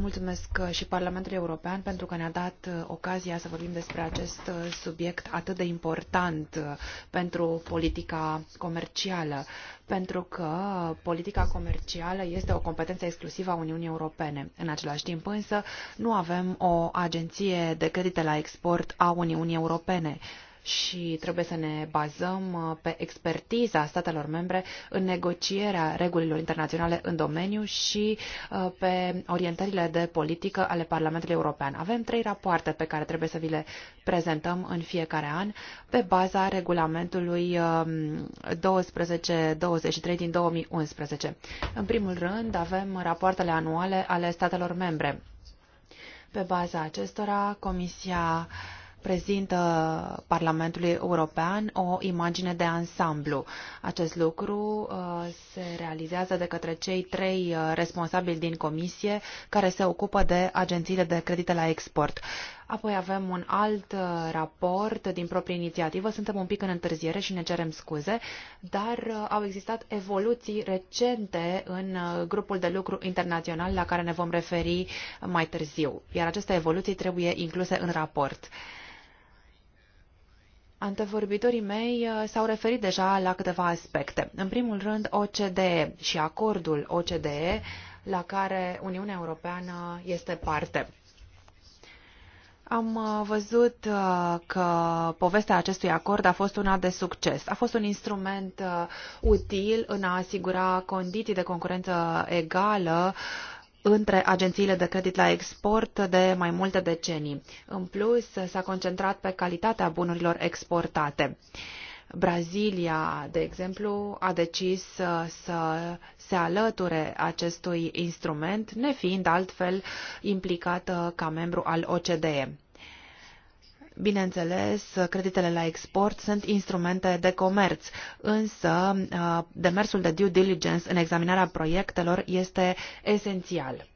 Mulțumesc uh, și Parlamentului European pentru că ne-a dat uh, ocazia să vorbim despre acest uh, subiect atât de important pentru politica comercială, pentru că politica comercială este o competență exclusivă a Uniunii Europene. În același timp însă nu avem o agenție de credite la export a Uniunii Europene și trebuie să ne bazăm uh, pe expertiza statelor membre în negocierea regulilor internaționale în domeniu și uh, pe orientările de politică ale Parlamentului European. Avem trei rapoarte pe care trebuie să vi le prezentăm în fiecare an pe baza regulamentului 1223 um, din 2011. În primul rând avem rapoartele anuale ale statelor membre. Pe baza acestora, Comisia uh, prezintă Parlamentului European o imagine de ansamblu. Acest lucru uh, se realizează de către cei trei uh, responsabili din comisie care se ocupă de agențiile de credite la export. Apoi avem un alt uh, raport din proprie inițiativă. Suntem un pic în întârziere și ne cerem scuze, dar au existat evoluții recente în grupul de lucru internațional la care ne vom referi mai târziu, iar aceste evoluții trebuie incluse în raport. Antevorbitorii mei uh, s-au referit deja la câteva aspecte. În primul rând, OCDE și acordul OCDE la care Uniunea Europeană este parte. Am uh, văzut uh, că povestea acestui acord a fost una de succes. A fost un instrument util în a asigura condiții de concurență egală între agențiile de credit la export de mai multe decenii. În plus, s-a concentrat pe calitatea bunurilor exportate. Brazilia, de exemplu, a decis uh, să, se alăture acestui instrument, nefiind altfel implicată uh, ca membru al OCDE. Bineînțeles, creditele la export sunt instrumente de comerț, însă uh, demersul de due diligence în examinarea proiectelor este esențial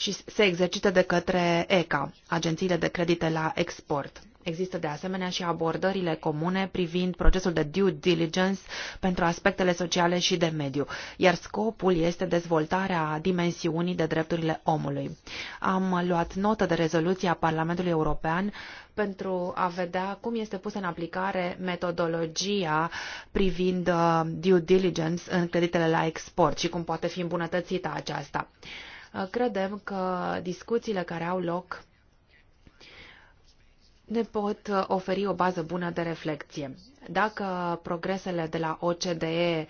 și se exercită de către ECA, agențiile de credite la export. Există de asemenea și abordările comune privind procesul de due diligence pentru aspectele sociale și de mediu, iar scopul este dezvoltarea dimensiunii de drepturile omului. Am luat notă de rezoluția Parlamentului European pentru a vedea cum este pusă în aplicare metodologia privind uh, due diligence în creditele la export și cum poate fi îmbunătățită aceasta. Uh, credem că discuțiile care au loc ne pot uh, oferi o bază bună de reflexie. Dacă progresele de la OCDE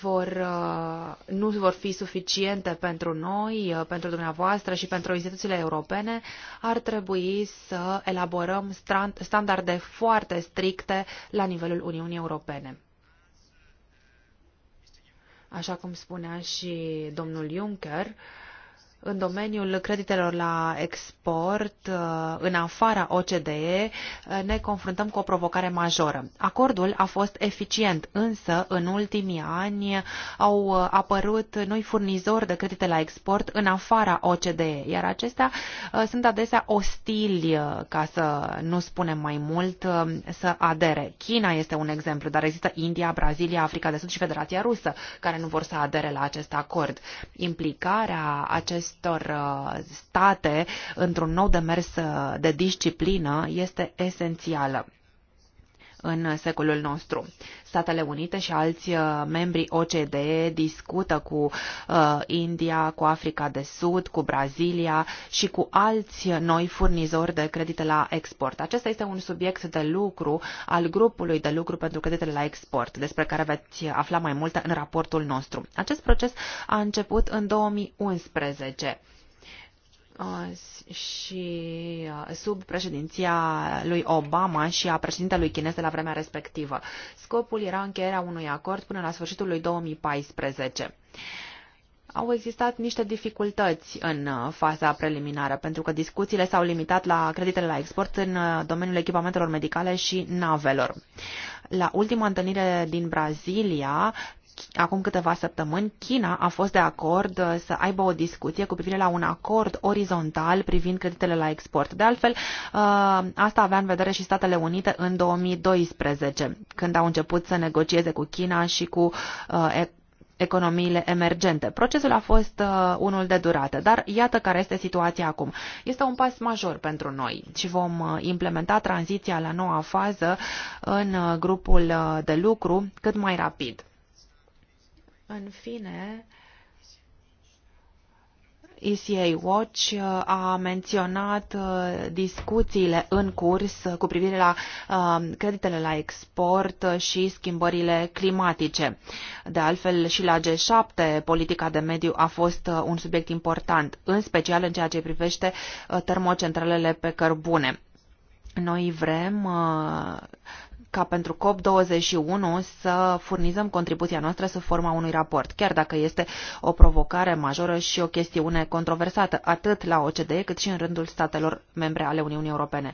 vor, uh, nu vor fi suficiente pentru noi, pentru dumneavoastră și pentru instituțiile europene, ar trebui să elaborăm standarde foarte stricte la nivelul Uniunii Europene așa cum spunea și domnul Juncker, uh, în domeniul creditelor la export, uh, în afara OCDE, uh, ne confruntăm cu o provocare majoră. Acordul a fost eficient, însă în ultimii ani au uh, apărut noi furnizori de credite la export în afara OCDE, iar acestea sunt adesea ostili, ca să nu spunem mai mult, să adere. China este un exemplu, dar există India, Brazilia, Africa de Sud și Federația Rusă, care nu vor să adere la acest acord. Implicarea acest acestor uh, state într-un nou demers uh, de disciplină este esențială în secolul nostru. Statele Unite și alți uh, membri OCDE discută cu uh, India, cu Africa de Sud, cu Brazilia și cu alți noi furnizori de credite la export. Acesta este un subiect de lucru al grupului de lucru pentru creditele la export, despre care veți afla mai multe în raportul nostru. Acest proces a început în 2011 și uh, sub președinția lui Obama și a președintelui chinez de la vremea respectivă. Scopul era încheierea unui acord până la sfârșitul lui 2014 au existat niște dificultăți în uh, faza preliminară, pentru că discuțiile s-au limitat la creditele la export în uh, domeniul echipamentelor medicale și navelor. La ultima întâlnire din Brazilia, acum câteva săptămâni, China a fost de acord uh, să aibă o discuție cu privire la un acord orizontal privind creditele la export. De altfel, uh, asta avea în vedere și Statele Unite în 2012, când au început să negocieze cu China și cu uh, economiile emergente. Procesul a fost uh, unul de durată, dar iată care este situația acum. Este un pas major pentru noi și vom uh, implementa tranziția la noua fază în uh, grupul uh, de lucru cât mai rapid. În fine, ECA Watch uh, a menționat uh, discuțiile în curs uh, cu privire la creditele la export și schimbările climatice. De altfel, și la G7, politica de mediu a fost un subiect important, în special în ceea ce privește termocentralele pe cărbune. Noi vrem ca pentru COP21 să furnizăm contribuția noastră sub forma unui raport, chiar dacă este o provocare majoră și o chestiune controversată, atât la OCDE cât și în rândul statelor membre ale Uniunii Europene.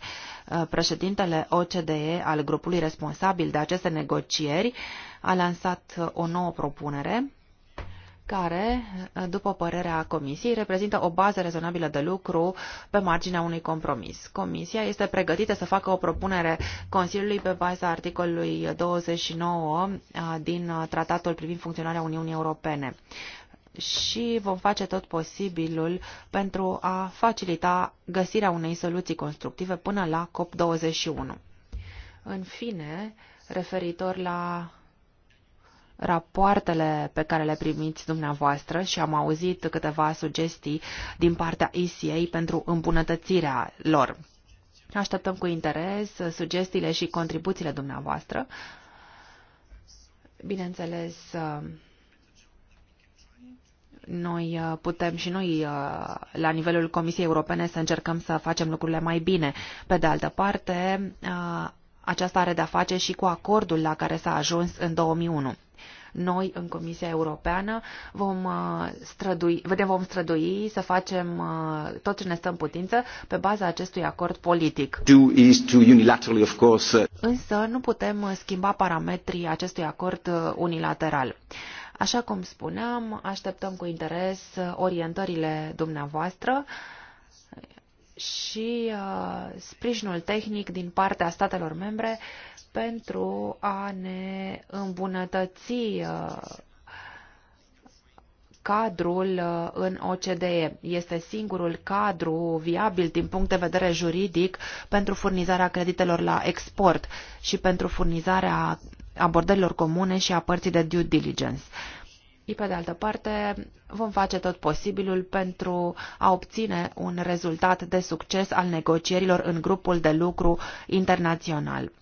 Uh, președintele OCDE al grupului responsabil de aceste negocieri a lansat uh, o nouă propunere care, după părerea Comisiei, reprezintă o bază rezonabilă de lucru pe marginea unui compromis. Comisia este pregătită să facă o propunere Consiliului pe baza articolului 29 din Tratatul privind funcționarea Uniunii Europene și vom face tot posibilul pentru a facilita găsirea unei soluții constructive până la COP21. În fine, referitor la rapoartele pe care le primiți dumneavoastră și am auzit câteva sugestii din partea ECA pentru îmbunătățirea lor. Așteptăm cu interes sugestiile și contribuțiile dumneavoastră. Bineînțeles, noi putem și noi, la nivelul Comisiei Europene, să încercăm să facem lucrurile mai bine. Pe de altă parte, aceasta are de-a face și cu acordul la care s-a ajuns în 2001 noi în Comisia Europeană vom uh, strădui, ne vom strădui să facem uh, tot ce ne stă în putință pe baza acestui acord politic. Uh, Însă nu putem schimba parametrii acestui acord unilateral. Așa cum spuneam, așteptăm cu interes orientările dumneavoastră și uh, sprijinul tehnic din partea statelor membre pentru a ne îmbunătăți uh, cadrul uh, în OCDE. Este singurul cadru viabil din punct de vedere juridic pentru furnizarea creditelor la export și pentru furnizarea abordărilor comune și a părții de due diligence pe de altă parte, vom face tot posibilul pentru a obține un rezultat de succes al negocierilor în grupul de lucru internațional.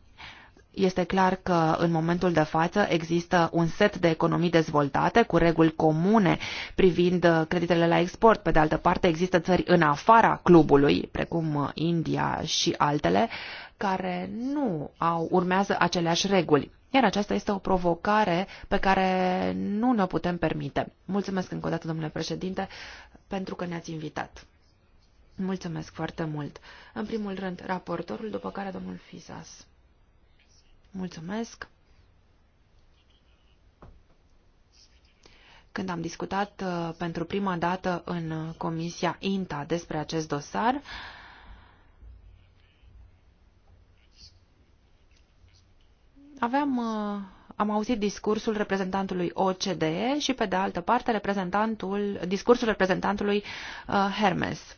Este clar că în momentul de față există un set de economii dezvoltate cu reguli comune privind uh, creditele la export. Pe de altă parte, există țări în afara clubului, precum uh, India și altele, care nu au, urmează aceleași reguli. Iar aceasta este o provocare pe care nu ne-o putem permite. Mulțumesc încă o dată, domnule președinte, pentru că ne-ați invitat. Mulțumesc foarte mult. În primul rând, raportorul, după care domnul Fisas. Mulțumesc. Când am discutat uh, pentru prima dată în Comisia INTA despre acest dosar, uh, aveam, uh, am auzit discursul reprezentantului OCDE și, pe de altă parte, reprezentantul, discursul reprezentantului uh, Hermes.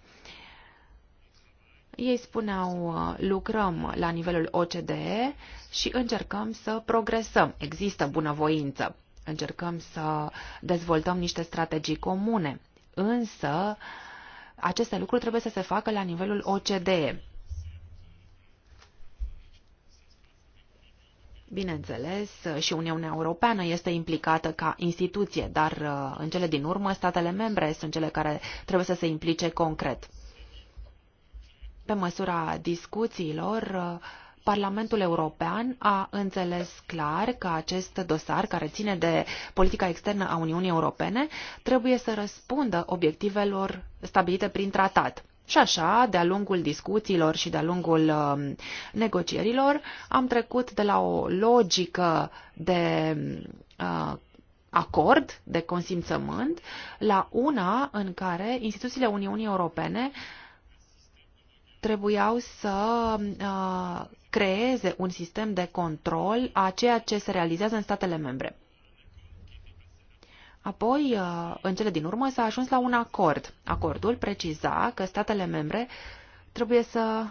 Ei spuneau, uh, lucrăm la nivelul OCDE și încercăm să progresăm. Există bunăvoință. Încercăm să dezvoltăm niște strategii comune. Însă, aceste lucruri trebuie să se facă la nivelul OCDE. Bineînțeles, și Uniunea Europeană este implicată ca instituție, dar uh, în cele din urmă statele membre sunt cele care trebuie să se implice concret. Pe măsura discuțiilor, uh, Parlamentul European a înțeles clar că acest dosar, care ține de politica externă a Uniunii Europene, trebuie să răspundă obiectivelor stabilite prin tratat. Și așa, de-a lungul discuțiilor și de-a lungul um, negocierilor, am trecut de la o logică de uh, acord, de consimțământ, la una în care instituțiile Uniunii Europene trebuiau să uh, creeze un sistem de control a ceea ce se realizează în statele membre. Apoi, uh, în cele din urmă, s-a ajuns la un acord. Acordul preciza că statele membre trebuie să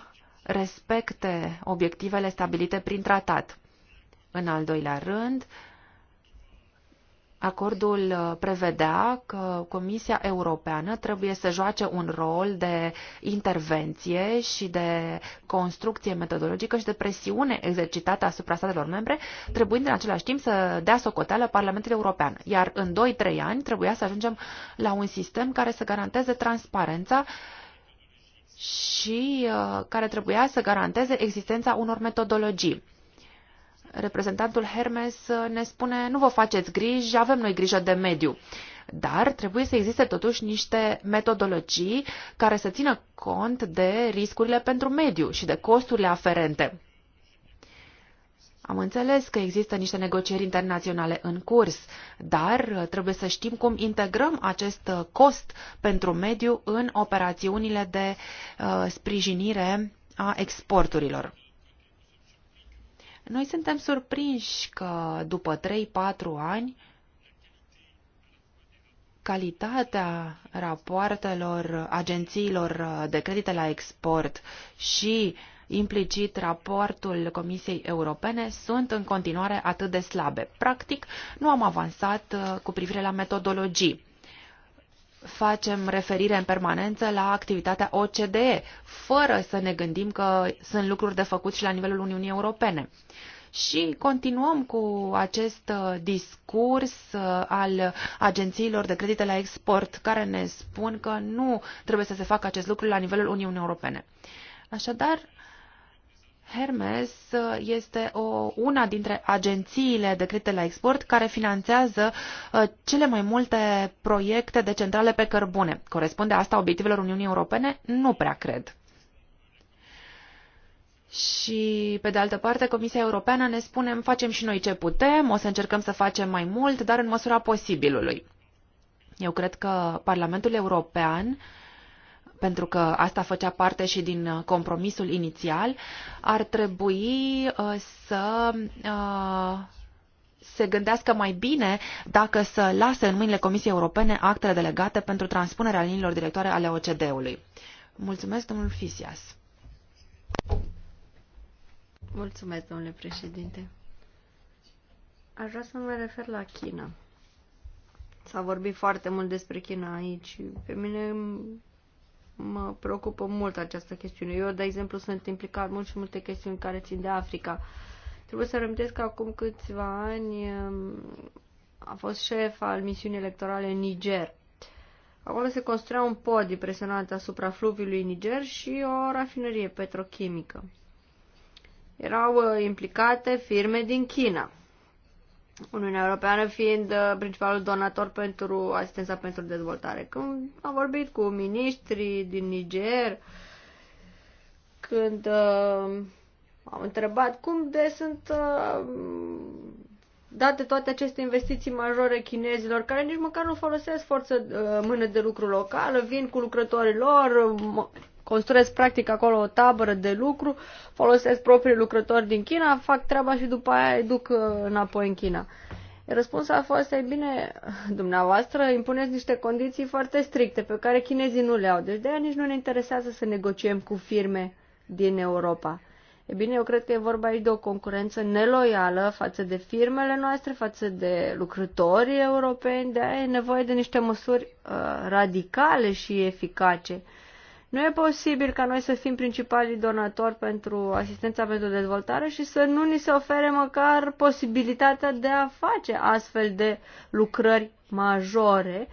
respecte obiectivele stabilite prin tratat. În al doilea rând, Acordul uh, prevedea că Comisia Europeană trebuie să joace un rol de intervenție și de construcție metodologică și de presiune exercitată asupra statelor membre, trebuind în același timp să dea socoteală Parlamentului European. Iar în 2-3 ani trebuia să ajungem la un sistem care să garanteze transparența și uh, care trebuia să garanteze existența unor metodologii reprezentantul Hermes uh, ne spune nu vă faceți griji, avem noi grijă de mediu. Dar trebuie să existe totuși niște metodologii care să țină cont de riscurile pentru mediu și de costurile aferente. Am înțeles că există niște negocieri internaționale în curs, dar uh, trebuie să știm cum integrăm acest uh, cost pentru mediu în operațiunile de uh, sprijinire a exporturilor. Noi suntem surprinși că după 3-4 ani calitatea rapoartelor agențiilor de credite la export și implicit raportul Comisiei Europene sunt în continuare atât de slabe. Practic, nu am avansat cu privire la metodologii facem referire în permanență la activitatea OCDE, fără să ne gândim că sunt lucruri de făcut și la nivelul Uniunii Europene. Și continuăm cu acest uh, discurs uh, al agențiilor de credite la export, care ne spun că nu trebuie să se facă acest lucru la nivelul Uniunii Europene. Așadar, Hermes uh, este o, una dintre agențiile de la export care finanțează uh, cele mai multe proiecte de centrale pe cărbune. Corespunde asta obiectivelor Uniunii Europene? Nu prea cred. Și, pe de altă parte, Comisia Europeană ne spune, facem și noi ce putem, o să încercăm să facem mai mult, dar în măsura posibilului. Eu cred că Parlamentul European uh, pentru că asta făcea parte și din uh, compromisul inițial, ar trebui uh, să uh, se gândească mai bine dacă să lase în mâinile Comisiei Europene actele delegate pentru transpunerea liniilor directoare ale OCD-ului. Mulțumesc, domnul Fisias. Mulțumesc, domnule președinte. Aș vrea să mă refer la China. S-a vorbit foarte mult despre China aici. Pe mine mă preocupă mult această chestiune. Eu, de exemplu, sunt implicat mult și multe chestiuni care țin de Africa. Trebuie să reamintesc că acum câțiva ani um, a fost șef al misiunii electorale în Niger. Acolo se construia un pod impresionant asupra fluviului Niger și o rafinerie petrochimică. Erau uh, implicate firme din China. Uniunea Europeană fiind uh, principalul donator pentru asistența pentru dezvoltare. Când am vorbit cu ministrii din Niger, când uh, am întrebat cum de sunt uh, date toate aceste investiții majore chinezilor, care nici măcar nu folosesc forță uh, mână de lucru locală, vin cu lucrătorii lor, construiesc practic acolo o tabără de lucru, folosesc proprii lucrători din China, fac treaba și după aia îi duc uh, înapoi în China. Răspunsul a fost, ei bine, <laughs> dumneavoastră impuneți niște condiții foarte stricte pe care chinezii nu le au, deci de aia nici nu ne interesează să negociem cu firme din Europa. E bine, eu cred că e vorba aici de o concurență neloială față de firmele noastre, față de lucrătorii europeni, de aia e nevoie de niște măsuri uh, radicale și eficace. Nu e posibil ca noi să fim principalii donatori pentru asistența pentru dezvoltare și să nu ni se ofere măcar posibilitatea de a face astfel de lucrări majore,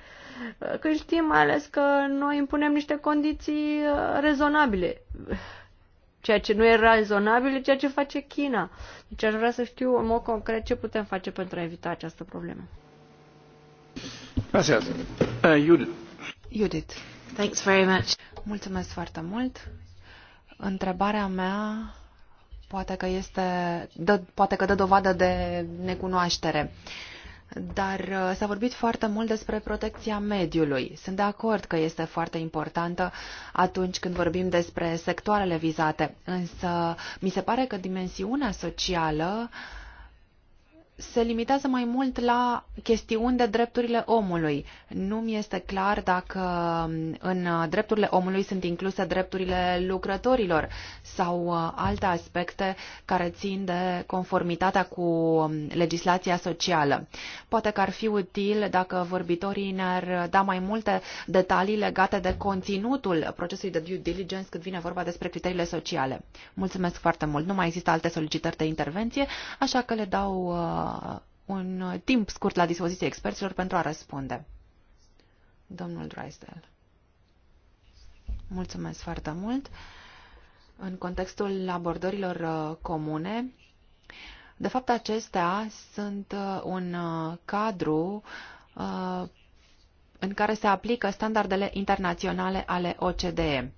când știm mai ales că noi impunem niște condiții uh, rezonabile. Ceea ce nu e rezonabil ceea ce face China. Deci aș vrea să știu în mod concret ce putem face pentru a evita această problemă. Uh, Judith. Judith. Thanks very much. Mulțumesc foarte mult. Întrebarea mea poate că este, dă, poate că dă dovadă de necunoaștere. Dar uh, s-a vorbit foarte mult despre protecția mediului. Sunt de acord că este foarte importantă atunci când vorbim despre sectoarele vizate, însă mi se pare că dimensiunea socială uh, se limitează mai mult la chestiuni de drepturile omului. Nu mi este clar dacă în drepturile omului sunt incluse drepturile lucrătorilor sau uh, alte aspecte care țin de conformitatea cu um, legislația socială. Poate că ar fi util dacă vorbitorii ne-ar da mai multe detalii legate de conținutul procesului de due diligence când vine vorba despre criteriile sociale. Mulțumesc foarte mult. Nu mai există alte solicitări de intervenție, așa că le dau uh, Uh, un timp scurt la dispoziție experților pentru a răspunde. Domnul Drysdale. Mulțumesc foarte mult. În contextul abordărilor uh, comune, de fapt acestea sunt uh, un cadru în care se aplică standardele internaționale ale OCDE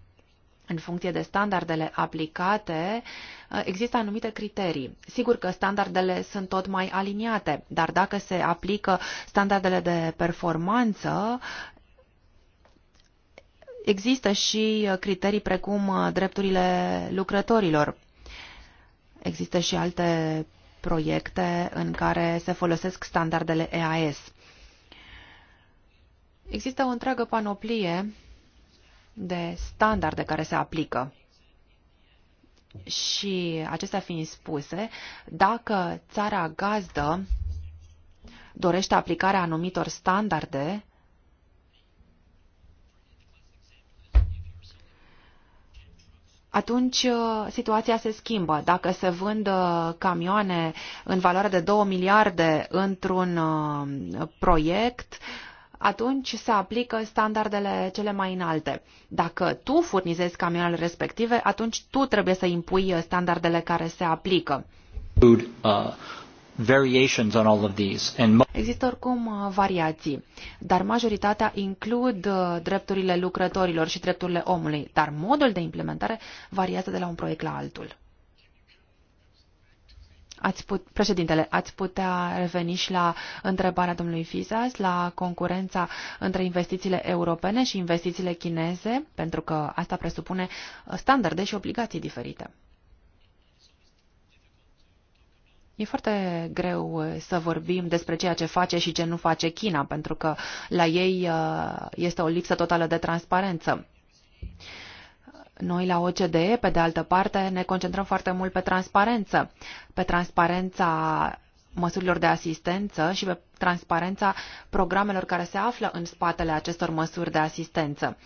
în funcție de standardele aplicate, uh, există anumite criterii. Sigur că standardele sunt tot mai aliniate, dar dacă se aplică standardele de performanță, există și criterii precum uh, drepturile lucrătorilor. Există și alte proiecte în care se folosesc standardele EAS. Există o întreagă panoplie de standarde care se aplică. Și acestea fiind spuse, dacă țara gazdă dorește aplicarea anumitor standarde, atunci uh, situația se schimbă. Dacă se vând uh, camioane în valoare de 2 miliarde într-un uh, proiect, uh, atunci se aplică standardele cele mai înalte. Dacă tu furnizezi camioanele respective, atunci tu trebuie să impui standardele care se aplică. Uh, Există oricum uh, variații, dar majoritatea includ uh, drepturile lucrătorilor și drepturile omului, dar modul de implementare variază de la un proiect la altul. Ați put, președintele, ați putea reveni și la întrebarea domnului Fisas, la concurența între investițiile europene și investițiile chineze, pentru că asta presupune uh, standarde și obligații diferite. E foarte greu uh, să vorbim despre ceea ce face și ce nu face China, pentru că la ei uh, este o lipsă totală de transparență. Noi la OCDE, pe de altă parte, ne concentrăm foarte mult pe transparență, pe transparența măsurilor de asistență și pe transparența programelor care se află în spatele acestor măsuri de asistență.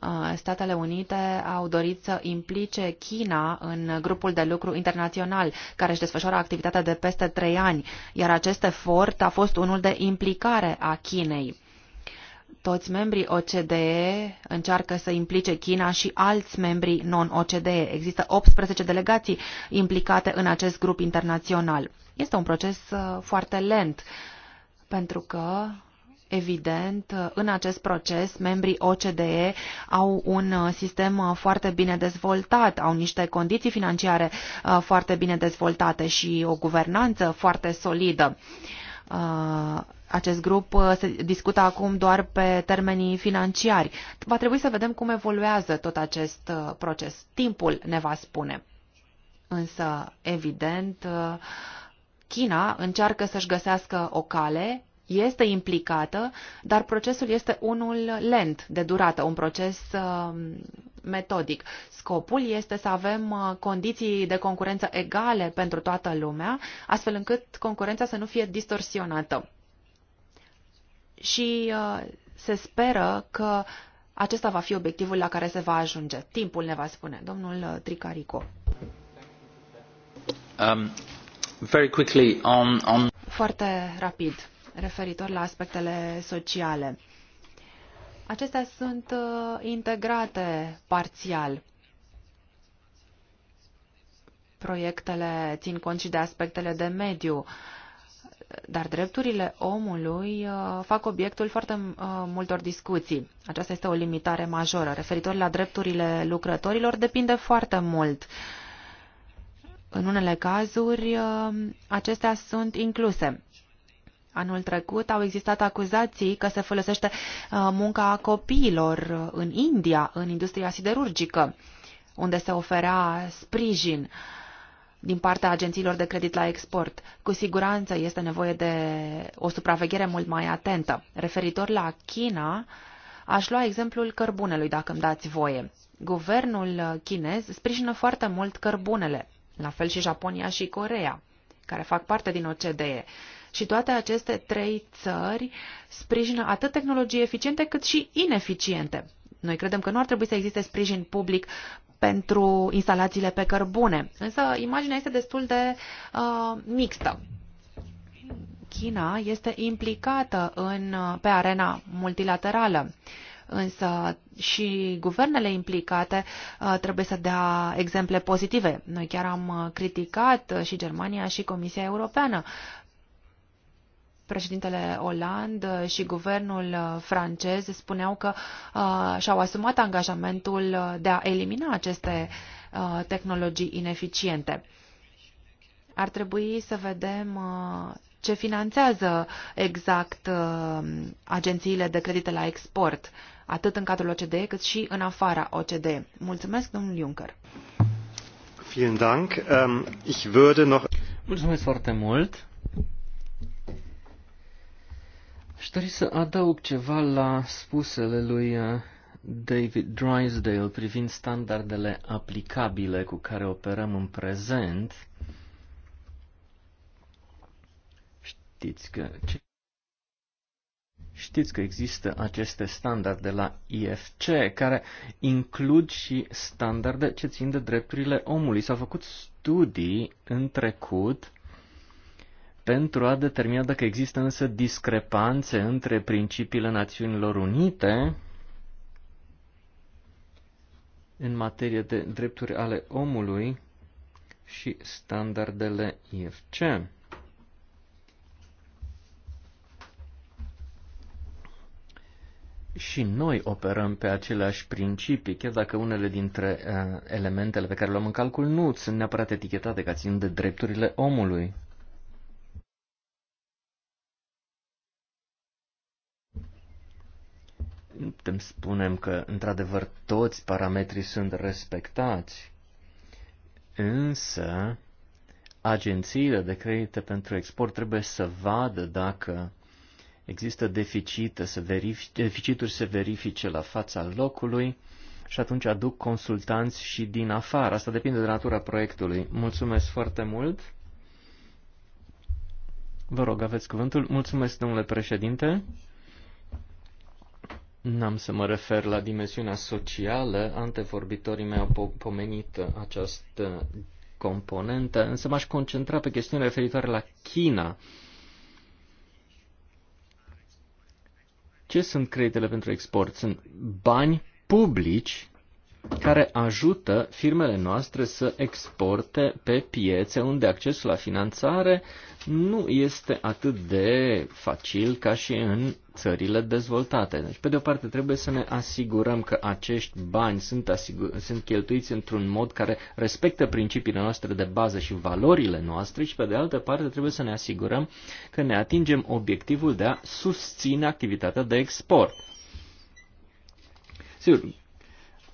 Uh, Statele Unite au dorit să implice China în grupul de lucru internațional, care își desfășoară activitatea de peste trei ani, iar acest efort a fost unul de implicare a Chinei toți membrii OCDE încearcă să implice China și alți membri non-OCDE. Există 18 delegații implicate în acest grup internațional. Este un proces uh, foarte lent, pentru că, evident, uh, în acest proces, membrii OCDE au un uh, sistem foarte bine dezvoltat, au niște condiții financiare foarte bine dezvoltate și o guvernanță foarte solidă acest grup uh, se discută acum doar pe termenii financiari. Va trebui să vedem cum evoluează tot acest uh, proces. Timpul ne va spune. Însă, evident, uh, China încearcă să-și găsească o cale, este implicată, dar procesul este unul lent, de durată, un proces metodic. Scopul este să avem condiții de concurență egale pentru toată lumea, astfel încât concurența să nu fie distorsionată și uh, se speră că acesta va fi obiectivul la care se va ajunge. Timpul ne va spune. Domnul uh, Tricarico. Um, very quickly on, on... Foarte rapid, referitor la aspectele sociale. Acestea sunt uh, integrate parțial. Proiectele țin cont și de aspectele de mediu. Uh, dar drepturile omului uh, fac obiectul foarte uh, multor discuții. Aceasta este o limitare majoră. Referitor la drepturile lucrătorilor, depinde foarte mult. În unele cazuri, uh, acestea sunt incluse. Anul trecut au existat acuzații că se folosește munca copiilor în India, în industria siderurgică, unde se oferea sprijin. Uh, din partea agențiilor de credit la export. Cu siguranță este nevoie de o supraveghere mult mai atentă. Referitor la China, aș lua exemplul cărbunelui, dacă îmi dați voie. Guvernul chinez sprijină foarte mult cărbunele, la fel și Japonia și Corea, care fac parte din OCDE. Și toate aceste trei țări sprijină atât tehnologii eficiente cât și ineficiente. Noi credem că nu ar trebui să existe sprijin public pentru instalațiile pe cărbune, însă imaginea este destul de uh, mixtă. China este implicată în, uh, pe arena multilaterală. Însă și guvernele implicate uh, trebuie să dea exemple pozitive. Noi chiar am uh, criticat și Germania și Comisia Europeană președintele Oland și guvernul uh, francez spuneau că uh, și-au asumat angajamentul de a elimina aceste uh, tehnologii ineficiente. Ar trebui să vedem ce finanțează exact agențiile de credite la export, atât în cadrul OCDE cât și în afara OCDE. Mulțumesc, domnul Juncker. Vielen Dank. Ähm, ich würde noch... Mulțumesc foarte mult. Aș dori să adaug ceva la spusele lui uh, David Drysdale privind standardele aplicabile cu care operăm în prezent. Știți că, știți că există aceste standarde la IFC care includ și standarde ce țin de drepturile omului. S-au făcut studii în trecut pentru a determina dacă există însă discrepanțe între principiile Națiunilor Unite în materie de drepturi ale omului și standardele IFC. Și noi operăm pe aceleași principii, chiar dacă unele dintre uh, elementele pe care le luăm în calcul nu sunt neapărat etichetate ca țin de drepturile omului. putem spunem că, într-adevăr, toți parametrii sunt respectați, însă agențiile de credite pentru export trebuie să vadă dacă există deficite, să verific, deficituri se verifice la fața locului și atunci aduc consultanți și din afară. Asta depinde de natura proiectului. Mulțumesc foarte mult! Vă rog, aveți cuvântul. Mulțumesc, domnule președinte. N-am să mă refer la dimensiunea socială, antevorbitorii mei au pomenit această componentă, însă m-aș concentra pe chestiuni referitoare la China. Ce sunt creditele pentru export? Sunt bani publici care ajută firmele noastre să exporte pe piețe unde accesul la finanțare nu este atât de facil ca și în țările dezvoltate. Deci, pe de o parte, trebuie să ne asigurăm că acești bani sunt, asigur, sunt cheltuiți într-un mod care respectă principiile noastre de bază și valorile noastre și, pe de altă parte, trebuie să ne asigurăm că ne atingem obiectivul de a susține activitatea de export. Sigur,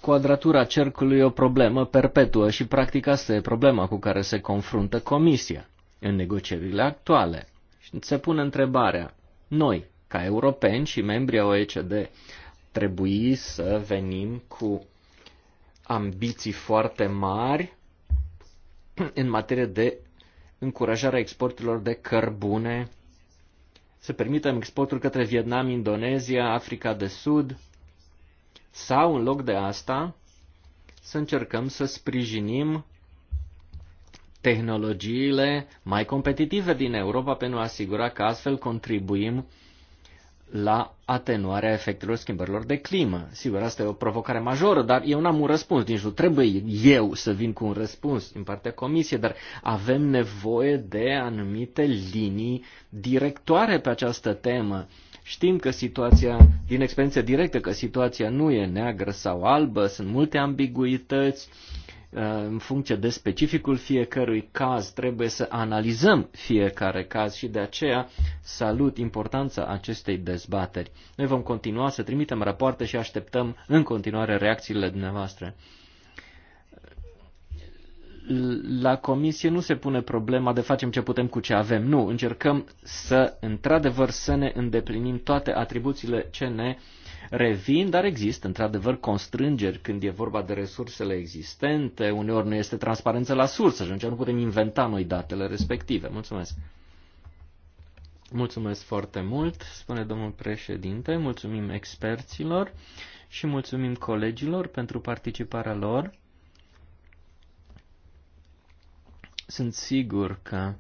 quadratura cercului e o problemă perpetuă și, practic, asta e problema cu care se confruntă Comisia în negocierile actuale. Și se pune întrebarea, noi, ca europeni și membrii OECD trebuie să venim cu ambiții foarte mari în materie de încurajarea exporturilor de cărbune, să permitem exporturi către Vietnam, Indonezia, Africa de Sud, sau în loc de asta să încercăm să sprijinim tehnologiile mai competitive din Europa pentru a asigura că astfel contribuim la atenuarea efectelor schimbărilor de climă. Sigur, asta e o provocare majoră, dar eu n-am un răspuns. Nici nu trebuie eu să vin cu un răspuns din partea comisiei, dar avem nevoie de anumite linii directoare pe această temă. Știm că situația, din experiență directă, că situația nu e neagră sau albă, sunt multe ambiguități, uh, Uh, în funcție de specificul fiecărui caz, trebuie să analizăm fiecare caz și de aceea salut importanța acestei dezbateri. Noi vom continua să trimitem rapoarte și așteptăm în continuare reacțiile dumneavoastră. La comisie nu se pune problema de facem ce putem cu ce avem. Nu, încercăm să, într-adevăr, să ne îndeplinim toate atribuțiile ce ne uh, revin, dar există într-adevăr constrângeri când e vorba de resursele existente, uneori nu este transparență la sursă și nu putem inventa noi datele respective. Mulțumesc! Mulțumesc foarte mult, spune domnul președinte, mulțumim experților și mulțumim colegilor pentru participarea lor. Sunt sigur că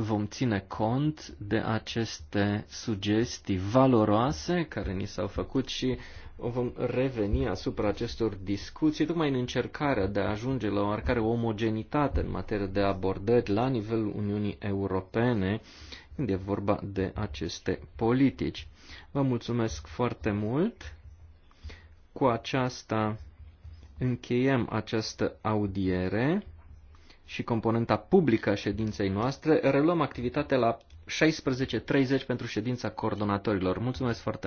vom ține cont de aceste sugestii valoroase care ni s-au făcut și vom reveni asupra acestor discuții, tocmai în încercarea de a ajunge la o oarecare omogenitate în materie de abordări la nivelul Uniunii Europene când e vorba de aceste politici. Vă mulțumesc foarte mult. Cu aceasta încheiem această audiere și componenta publică a ședinței noastre. Reluăm activitatea la 16.30 pentru ședința coordonatorilor. Mulțumesc foarte mult!